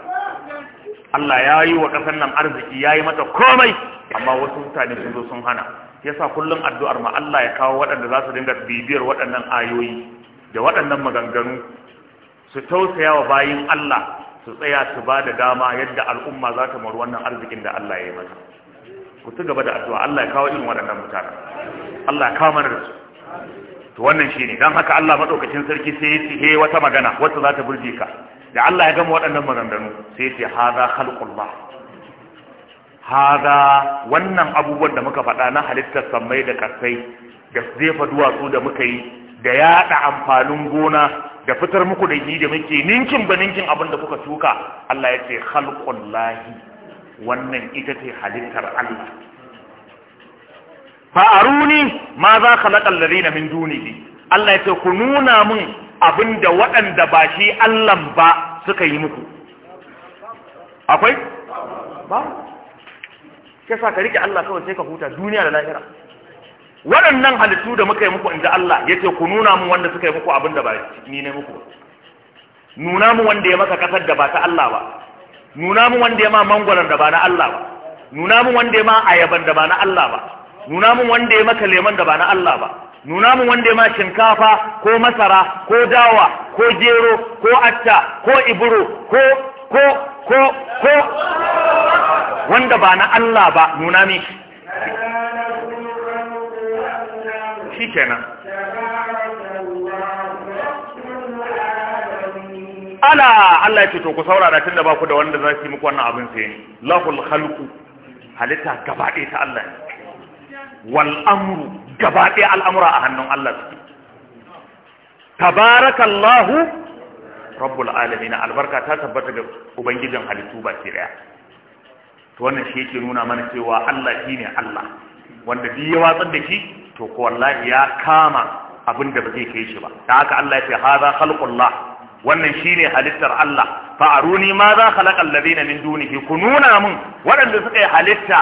Allah ya yi wa ƙasar nan arziki ya yi mata komai amma wasu mutane sun zo sun hana yasa kullum addu'ar ma Allah ya kawo waɗanda za su dinga bibiyar waɗannan ayoyi da waɗannan maganganu su tausaya wa bayin Allah su tsaya su ba da dama yadda al'umma za ta mori wannan arzikin da Allah ya yi mata ku ci gaba da addu'a Allah ya kawo irin waɗannan mutane Allah ya kawo mana da su to wannan shine dan haka Allah madaukakin sarki sai ya ce wata magana wacce za ta burge ka da Allah ya gama waɗannan maganganu sai ya ce hadha khalqullah hada wannan abubuwan da muka faɗa na halittar samai da kasai da zefa duwatsu da muka yi da yaɗa amfanin gona da fitar muku da yi da muke ninkin ba ninkin abin da kuka shuka Allah ya ce khalqul lahi wannan ita ce halittar Allah fa aruni ma za khalaqal ladina min dunihi Allah ya ce ku nuna mun abin da waɗanda ba shi Allah ba suka yi muku akwai ba ke sa ka rike Allah kawai sai ka huta duniya da lahira waɗannan halittu da muka yi muku inda Allah ya ce ku nuna mu wanda suka yi muku abin da ba ni ne muku nuna mu wanda ya maka kasar da ba ta Allah ba nuna mu wanda ya ma mangwaron da ba na Allah ba nuna mu wanda ya ma ayaban da ba na Allah ba nuna mu wanda ya maka leman da ba na Allah ba nuna mu wanda ya ma shinkafa ko masara ko dawa ko jero ko atta ko iburo ko ko ko ko wanda ba na Allah ba nuna mi shi kenan ala Allah ya ce to ku saurara tunda ba ku da wanda za su yi muku wannan abin sai ni lahul khalqu halitta gaba ɗaya ta Allah ne wal amru gaba ɗaya al'amura a hannun Allah suke tabarakallahu rabbul alamin albarka ta tabbata ga ubangijin halittu ba ki daya to wannan shi yake nuna mana cewa Allah shine Allah wanda duk ya watsar da shi to ko wallahi ya kama abin da ba zai kai shi ba da haka Allah ya ce hadha khalqullah wannan shine halittar Allah fa aruni ma za khalaqa alladhina min dunihi ku nuna mun waɗanda suka yi halitta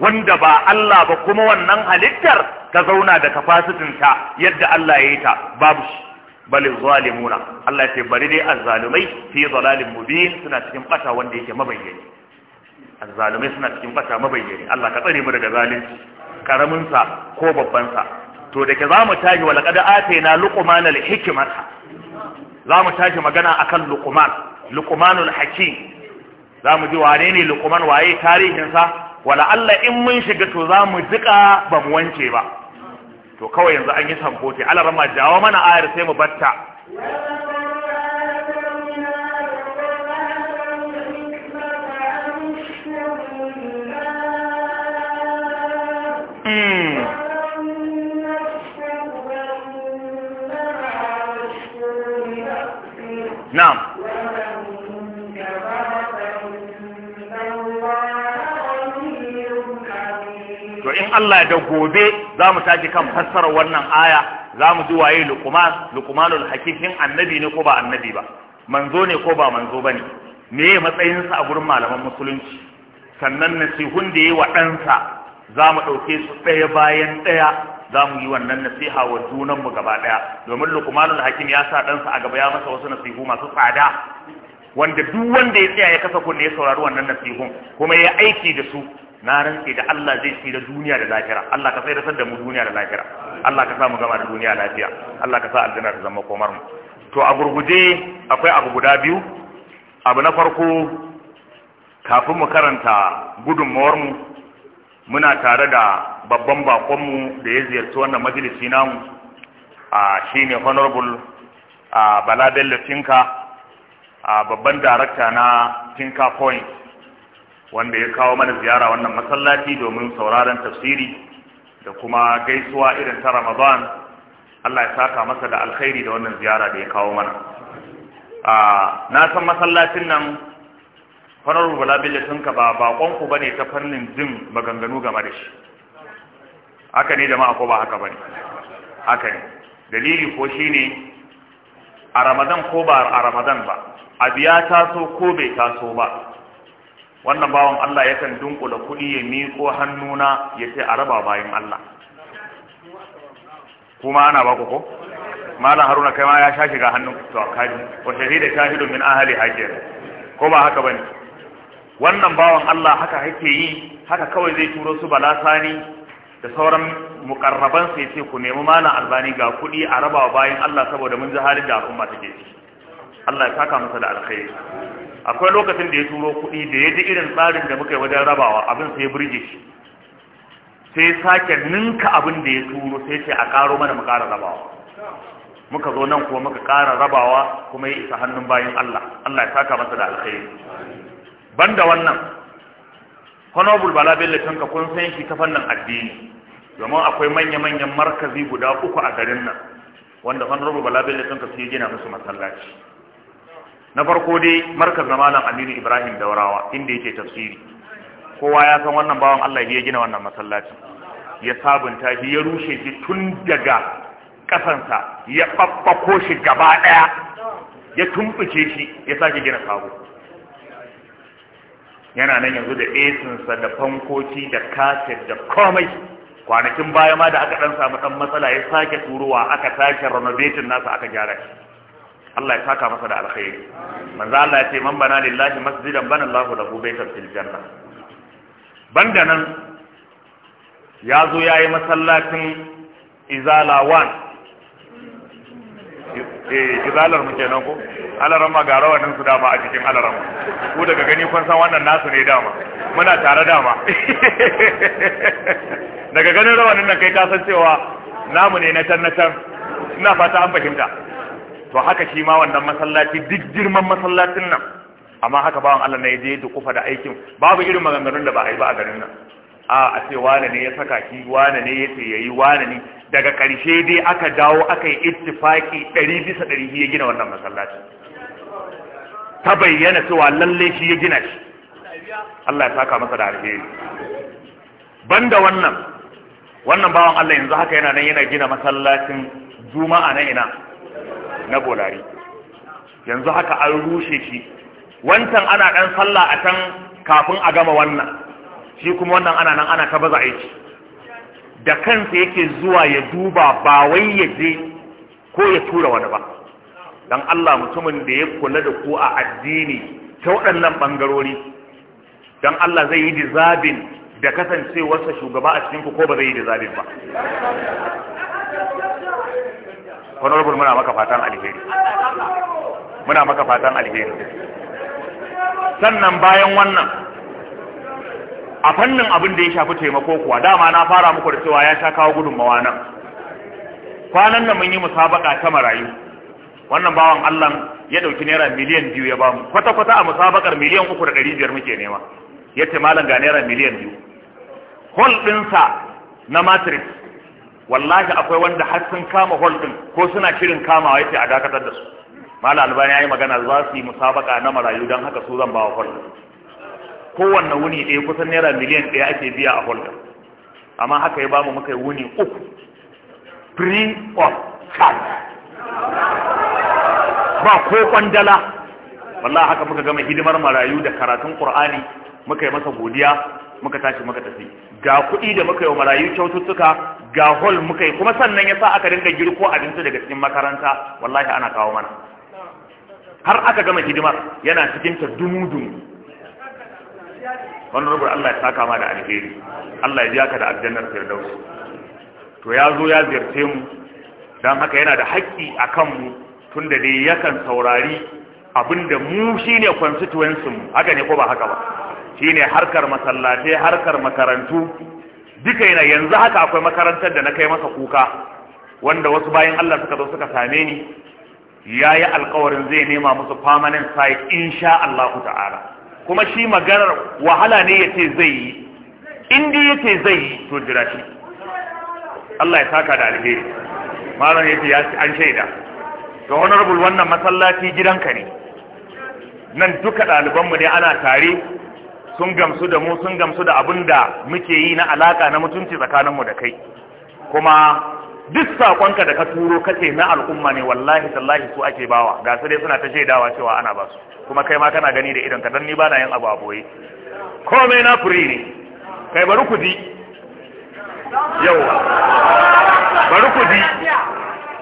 wanda ba Allah ba kuma wannan halittar ka zauna da kafasitin ta yadda Allah ya yi ta babu shi bal zalimuna Allah ya ce bari dai azzalumai fi dhalalin mubin suna cikin bata wanda yake mabayyani azzalumai suna cikin bata mabayyane Allah ka tsare mu daga zalunci karamin sa ko babban sa to da ke zamu tashi wala qad atayna luqman al-hikmata zamu tashi magana akan luqman luqmanul hakim zamu ji wane ne luqman waye tarihin sa wala Allah in mun shiga to zamu jiƙa ba mu wance ba to kawai yanzu an yi samfoti alarma jawo mana ayar sai mu batta نعم hmm. to in Allah da gobe za mu tashi kan fassarar wannan aya za mu ji waye luqman luqmanul hakikin annabi ne ko ba annabi ba manzo ne ko ba manzo bane me matsayinsa a gurin malaman musulunci sannan nasihun da yayi wa ɗansa za mu ɗauke su ɗaya bayan ɗaya za mu yi wannan nasiha wa junanmu gaba ɗaya domin lukumanul hakim ya sa ɗansa a gaba ya masa wasu nasihu masu tsada wanda duk wanda ya tsaya ya kasa kunne ya saurari wannan nasihun kuma ya aiki da su na rantse da Allah zai tsira duniya da lafiya Allah ka sai da mu duniya da lafiya Allah ka sa mu gama da duniya lafiya Allah ka sa aljanna ta zama komar mu to a gurguje akwai abu guda biyu abu na farko kafin mu karanta gudunmawar mu muna tare da babban bakonmu da ya ziyarci wannan majalisi namu a ne honorable a bala bello tinka a babban darakta na tinka point wanda ya kawo mana ziyara wannan masallaci domin sauraron tafsiri da kuma gaisuwa irin ta ramadan allah ya saka masa da alkhairi da wannan ziyara da ya kawo mana a na san masallacin nan farar rubala ka ba bakon ku bane ta fannin jin maganganu game da shi haka ne jama'a ko ba haka bane haka ne dalili ko shine a ramadan ko ba a ramadan ba abu ya taso ko bai taso ba wannan bawan Allah ya kan dunkula kuɗi ya miƙo hannuna ya ce a raba bayan Allah kuma ana ba ku ko malam haruna kai ma ya sha shiga hannun to kaji wa shahida shahidun min ahli hajjar ko ba haka bane wannan bawan Allah haka hake yi haka kawai zai turo su balasani da sauran mukarraban sai ce ku nemi malam albani ga kuɗi a raba bayan Allah saboda mun ji halin da al'umma take shi Allah ya saka masa da alkhairi akwai lokacin da ya turo kuɗi da ya ji irin tsarin da muka yi wajen rabawa abin sai ya burge shi sai sake ninka abin da ya turo sai ce a karo mana mu ƙara rabawa muka zo nan kuma muka kara rabawa kuma ya isa hannun bayan Allah Allah ya saka masa da alkhairi banda wannan honorable bala bello tanka kun san shi ta fannin addini domin akwai manya-manyan markazi guda uku a garin nan wanda honorable bala bello tanka su yi gina musu masallaci na farko dai markaz na malam aminu ibrahim daurawa inda yake tafsiri kowa ya san wannan bawan allah ya gina wannan masallacin ya sabunta shi ya rushe shi tun daga kasansa ya ɓaɓɓako shi gaba ɗaya ya tumbuke shi ya sake gina sabo yana nan yanzu da esinsa da fankoki da kaset da komai kwanakin baya ma da aka dan samu dan matsala ya sake turuwa aka sake renovating nasa aka gyara shi Allah ya saka masa da alkhairi manzo Allah ya ce man bana lillahi masjidan bana Allahu lahu baytan fil janna banda nan ya zo yayi masallacin izala 1 jizalar eh, izalar mu kenan ko alarama ga rawanin su dama a cikin alarama ku daga gani kun san wannan nasu ne dama muna tare dama daga ganin rawanin nan kai ka san cewa namu ne na can na can ina fata an fahimta to haka shi ma wannan masallaci duk girman masallacin nan amma haka bawan Allah ne je da kufa da aikin babu irin maganganun da ba a yi ba a garin nan a a ce wane ne ya saka ki wane ne ya ce yayi wane ne daga karshe dai aka dawo aka yi ittifaki 100 bisa 100 ya gina wannan masallaci ta bayyana cewa lalle shi ya gina shi Allah ya saka masa da alheri banda wannan wannan bawan Allah yanzu haka yana nan yana gina masallacin juma'a na ina na bolari yanzu haka an rushe shi wancan ana dan sallah a can kafin a gama wannan shi kuma wannan ana nan ana ta baza aiki da kansa yake zuwa ya duba ba wai ya je ko ya tura wani ba dan Allah mutumin da ya kula da ku a addini ta waɗannan ɓangarori dan Allah zai yi dizabin da kasancewarsa shugaba a cikinku ko ba zai yi dizabin ba honorable muna maka fatan alheri muna maka fatan alheri sannan bayan wannan a fannin abin da ya shafi taimako kuwa dama na fara muku da cewa ya sha kawo gudunmawa nan kwanan nan mun yi musabaka ta marayu wannan bawan Allah ya dauki naira miliyan biyu ya bamu kwata kwata a musabakar miliyan uku da ɗari biyar muke nema ya ce malam ga naira miliyan biyu hol ɗinsa na matrix wallahi akwai wanda har sun kama hol ɗin ko suna shirin kamawa ya ce a dakatar da su malam albani ya yi magana za su yi musabaka na marayu don haka su zan bawa hol ɗin kowanne wuni ɗaya kusan naira miliyan ɗaya ake biya a holga amma haka ya bamu muka yi wuni uku free of charge ba ko kwandala wallahi haka muka gama hidimar marayu da karatun qur'ani muka yi masa godiya muka tashi muka tafi ga kuɗi da muka yi wa marayu kyaututtuka ga hol muka yi kuma sannan yasa aka dinga girko abinci daga cikin makaranta wallahi ana kawo mana har aka gama hidimar yana cikin ta dumu-dumu wannan rubar Allah ya saka ma da alheri Allah ya biya haka da aljannar firdaus to ya zo ya ziyarce mu dan haka yana da haƙƙi a mu. Tunda tunda dai yakan saurari abinda mu shine constituency mu haka ne ko ba haka ba shine harkar masallatai harkar makarantu duka yana yanzu haka akwai makarantar da na kai masa kuka wanda wasu bayan Allah suka zo suka same ni ya yi alkawarin zai nema musu permanent site insha Allah ta'ala kuma shi maganar wahala ne yace zai yi inda yace zai yi to jira shi Allah ya saka da alheri malam yace ya an shaida to honorable wannan masallaci gidanka ne nan duka ɗaliban mu ne ana tare sun gamsu da mu sun gamsu da abin da muke yi na alaka na mutunci tsakaninmu da kai kuma duk sakonka da ka turo kace na al'umma ne wallahi tallahi su ake bawa ga su dai suna ta shaidawa cewa ana ba su kuma kai ma kana gani da idan ka dan ni ba na yin abu a komai na furi ne kai bari ku ji yawa bari ku ji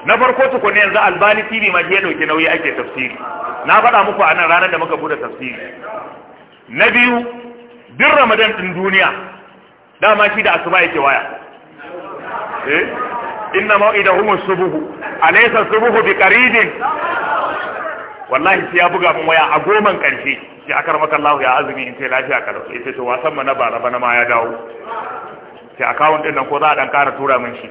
na farko tukuni yanzu albani tv ma ke dauke nauyi ake tafsiri na faɗa muku a nan ranar da muka bude tafsiri na biyu duk ramadan din duniya dama shi da asuba yake waya eh inna mau'idahum subuhu. alaysa subuhu bi qaridin wallahi sai ya buga min waya a goman karshe sai aka maka Allah ya azumi in sai lafiya ka dauke sai to wasan mu na bara bana ma ya dawo sai account din nan ko za a dan kara tura min shi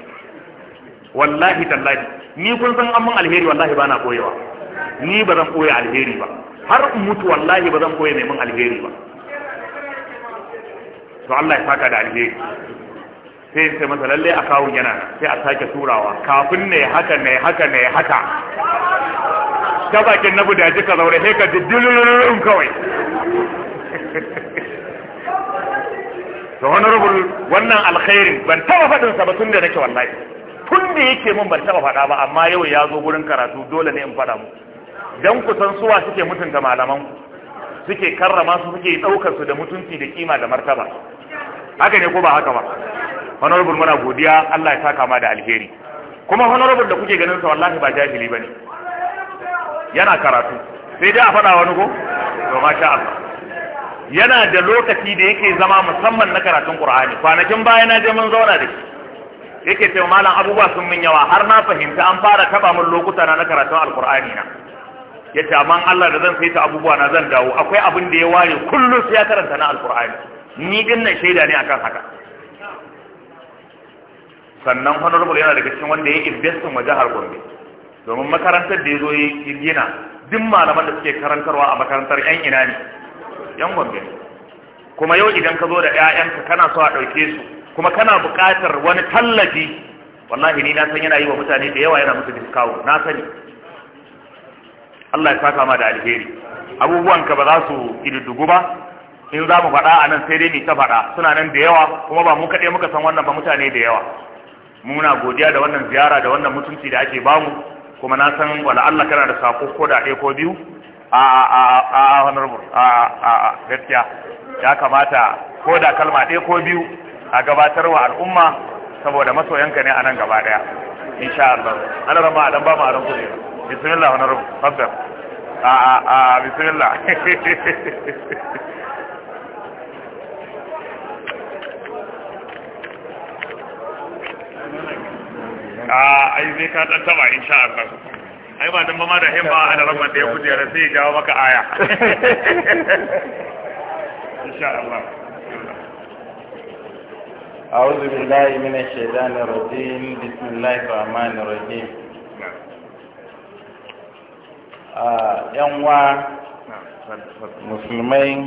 wallahi tallahi ni kun san an mun alheri wallahi bana koyewa ni ba zan koya alheri ba har in mutu wallahi ba zan koya mai mun alheri ba to Allah ya saka da alheri sai sai masa lalle a kawun yana sai a sake turawa kafin ne haka ne haka ne haka ta bakin na da jika zaure sai ka diddilin kawai to wannan alkhairin ban taba faɗinsa sa ba tun da nake wallahi tun da yake min ban taba faɗa ba amma yau ya zo gurin karatu dole ne in faɗa mu dan ku san suwa suke mutunta malaman suke karrama su suke daukar su da mutunci da kima da martaba haka ne ko ba haka ba honorable muna godiya Allah ya saka ma da alheri kuma honorable da kuke ganin sa wallahi ba jahili bane yana karatu sai dai a faɗa wani ko to masha Allah yana da lokaci da yake zama musamman na karatun Qur'ani kwanakin baya na je mun zauna da shi yake cewa malam abubuwa sun min yawa har na fahimta an fara taba mun lokuta na karatun al alkur'ani na yace amma Allah da zan saita abubuwa na zan dawo akwai abin da ya ware kullum sai ya karanta na al alkur'ani ni din na shaida ne akan haka sannan honorable yana daga cikin wanda ya investin wa jihar Gombe domin makarantar da ya zo ya gina duk malaman da suke karantarwa a makarantar yan ina ne yan gombe kuma yau idan ka zo da 'ya'yanka kana so a ɗauke su kuma kana buƙatar wani tallafi wallahi ni na san yana yi wa mutane da yawa yana musu diskawo na sani Allah ya saka ma da alheri abubuwanka ba za su kididdugu ba in za mu faɗa a nan sai dai ni ta faɗa suna nan da yawa kuma ba mu kaɗai muka san wannan ba mutane da yawa muna godiya da wannan ziyara da wannan mutunci da ake bamu kuma na san wala Allah kana da sako ko da ɗaya ko biyu a a a honorable a a a gaskiya ya kamata ko da kalma ɗaya ko biyu a gabatar wa al'umma saboda masoyanka ne a nan gaba ɗaya insha Allah ana rama dan ba mu aron kuɗi bismillah honorable fadda a a a bismillah a ai zai ka dan taba insha Allah ai ba dan ma da himma ana rabban da ya kujera sai ya jawo maka aya insha Allah أعوذ بالله من الشيطان الرجيم بسم الله الرحمن الرحيم yanwa musulmai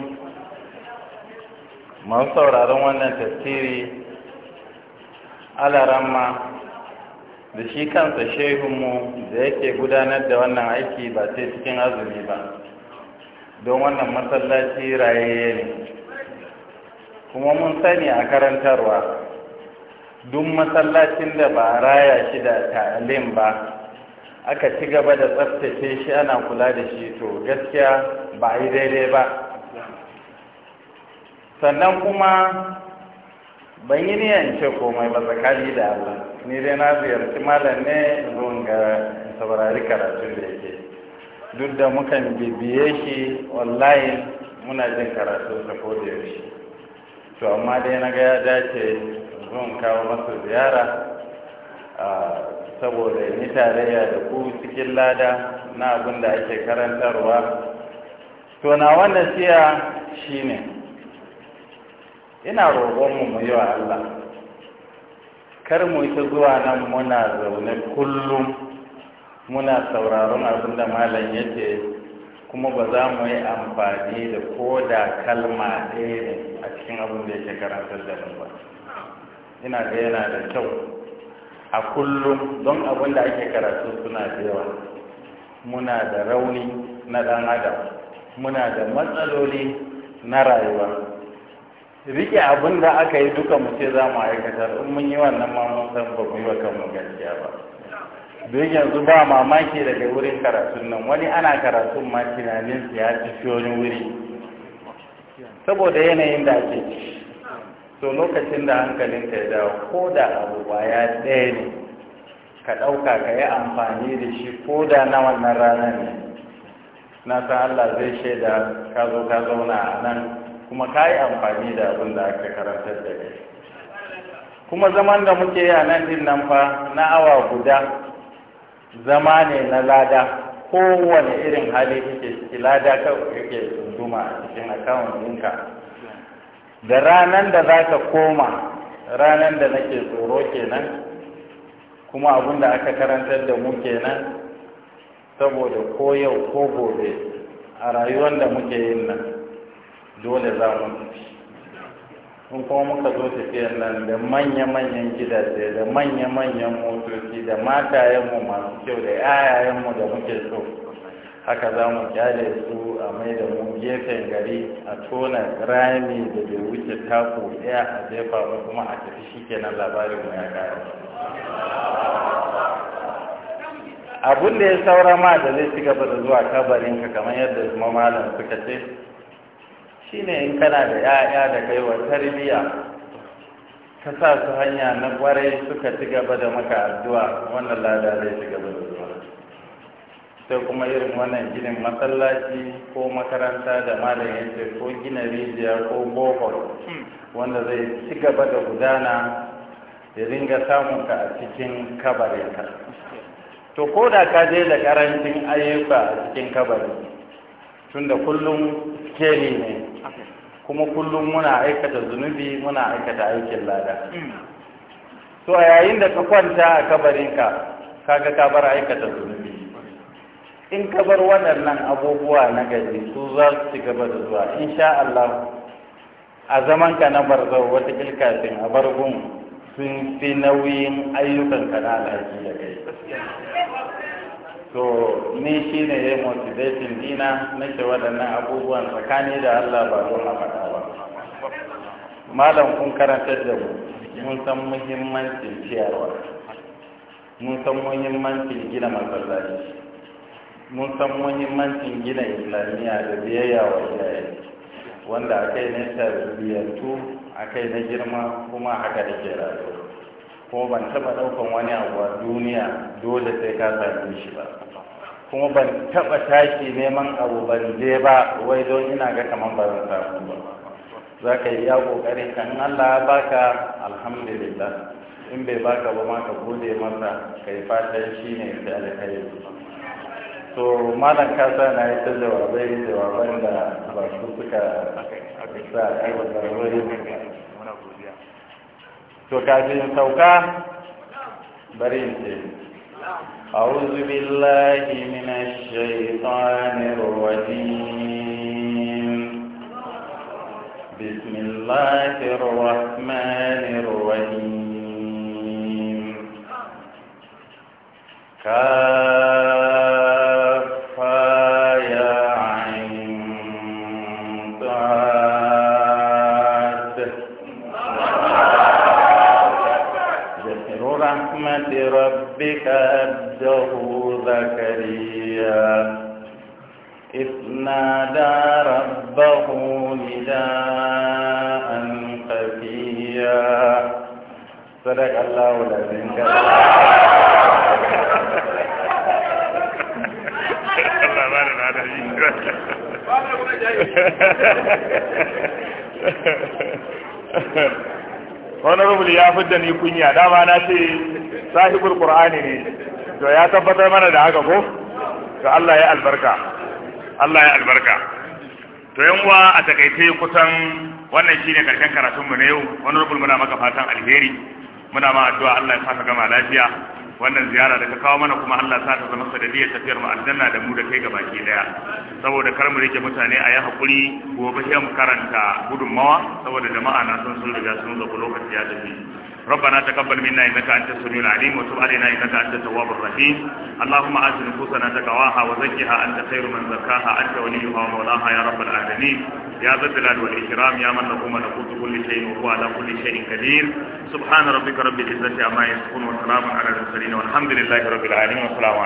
masu sauraron wannan tafsiri alaramma da shi kansa shehunmu da yake gudanar da wannan aiki ba sai cikin azumi ba don wannan masallaci rayayye ne kuma mun sani a karantarwa duk masallacin da ba a raya shi da ta'alim ba aka ci gaba da tsaftace shi ana kula da shi to gaskiya ba a yi daidai ba sannan kuma ban yi niyan ce komai ba tsakani da Allah ni dai na ziyarci malam ne zuwan ga saurari karatun da yake duk da mukan bibiye shi wallahi muna jin karatu ta ko da yaushe to amma dai na ga ya dace zuwan kawo masu ziyara saboda ni tarayya da ku cikin lada na abin da ake karantarwa to na wannan siya shine ina roƙon mu mu yi wa Allah kar mu ita zuwa nan muna zaune kullum muna sauraron abin da malam ce kuma ba za mu yi amfani da ko da kalma ɗaya ne a cikin abin da yake karantar da mu ba ina ga yana da kyau a kullum don abin da ake karatu suna da yawa muna da rauni na ɗan adam muna da matsaloli na rayuwa rike abin da aka yi duka mu ce za mu aikatar in mun yi wannan ma mun san ba mu yi wa kanmu gaskiya ba don yanzu ba mamaki daga wurin karatun nan wani ana karatun ma tunanin su ya ci wani wuri saboda yanayin da ake ci so lokacin da hankalinka ya dawo ko da abu ba ya ɗaya ne ka ɗauka ka yi amfani da shi ko da na wannan ranar ne na san allah zai shaida ka zo ka zauna a nan kuma ka yi amfani da abin da aka karantar da kai kuma zaman da muke yi a nan din nan fa na awa guda zama ne na lada kowane irin hali kake ciki lada kake tsunduma a cikin akawun ɗinka da ranar da za ka koma ranar da nake tsoro kenan kuma abin da aka karantar da mu kenan saboda ko yau ko gobe a rayuwar da muke yin nan dole za mu tafi in kuma muka zo tafiyar nan da manya-manyan gidaje da manya-manyan motoci da matayenmu masu kyau da yayayenmu da muke so haka za mu kyale su a mai da mu gefen gari a tona rami da bai wuce taku ɗaya a jefa ba kuma a tafi shi kenan labarin mu ya kare abin da ya saura ma da zai ci gaba da zuwa kabarinka kamar yadda kuma malam suka ce ne in kana da ya'ya da kai wa tarbiya ka sa su hanya na kwarai suka ci gaba da maka addu'a wannan lada zai ci gaba da zuwa sai kuma irin wannan ginin masallaci ko makaranta da malam yace ko gina rijiya ko bohol wanda zai ci gaba da gudana ya ringa samun ka a cikin kabarinka to ko da ka je da karancin ayyuka a cikin kabarin tunda kullum keri ne kuma kullum muna aikata zunubi muna aikata aikin lada hmm. to a yayin da ka kwanta a kabarinka kaga ka bar aikata zunubi in ka bar waɗannan abubuwa na gari su za su ci gaba da zuwa insha Allah a zamanka na barzau wata kilkafin a bargun sun fi nauyin ayyukan kana na alhaji kai to ni shi ne ya motivation dina nake waɗannan abubuwan tsakani da Allah ba don a faɗa ba malam kun karantar da mu mun san muhimmancin ciyarwa mun san muhimmancin gina masallaci mun san muhimmancin gina islamiyya da biyayya wa iyaye wanda akai na biyantu akai na girma kuma haka da ke rayuwa kuma ban taɓa ɗaukan wani abu a duniya dole sai ka same shi ba kuma ban taɓa tashi neman abu ban je ba wai don ina ga kamar ba zan samu ba za ka yi ya ƙoƙarin kan Allah ya baka alhamdulillah in bai baka ba ma ka gode masa kai fatan shi ne sai alkhairi to malam kasa na yi ta jawabai jawaban da ba su suka sa aiwatar wani to kafin sauka bari in ce أعوذ بالله من الشيطان الرجيم بسم الله الرحمن الرحيم كافر نادى ربه نداء خفيا صدق الله العظيم الله بارك على wani rubul ya fidda ni kunya dama na ce sahibul qur'ani ne to ya tabbatar mana da haka ko to Allah ya albarka Allah ya albarka to yan uwa a takaice kusan wannan shine karshen karatun mu na yau wani rubul muna maka fatan alheri muna ma addu'a Allah ya saka gama lafiya wannan ziyara da ka kawo mana kuma Allah sa ta zama sadadiyar tafiyar mu aljanna da mu da kai gabaki daya saboda kar mu rike mutane a yi hakuri gobe sai mu karanta gudunmawa saboda jama'a na son sun riga sun zaku lokaci ya tafi ربنا تقبل منا إنك أنت السميع العليم وتب علينا إنك أنت التواب الرحيم اللهم آت نفوسنا تقواها وزكها أنت خير من زكاها أنت وليها ومولاها يا رب العالمين يا ذا الجلال والإكرام يا من له ملكوت كل شيء وهو على كل شيء قدير سبحان ربك رب العزة عما يصفون وسلام على المرسلين والحمد لله رب العالمين والسلام عليكم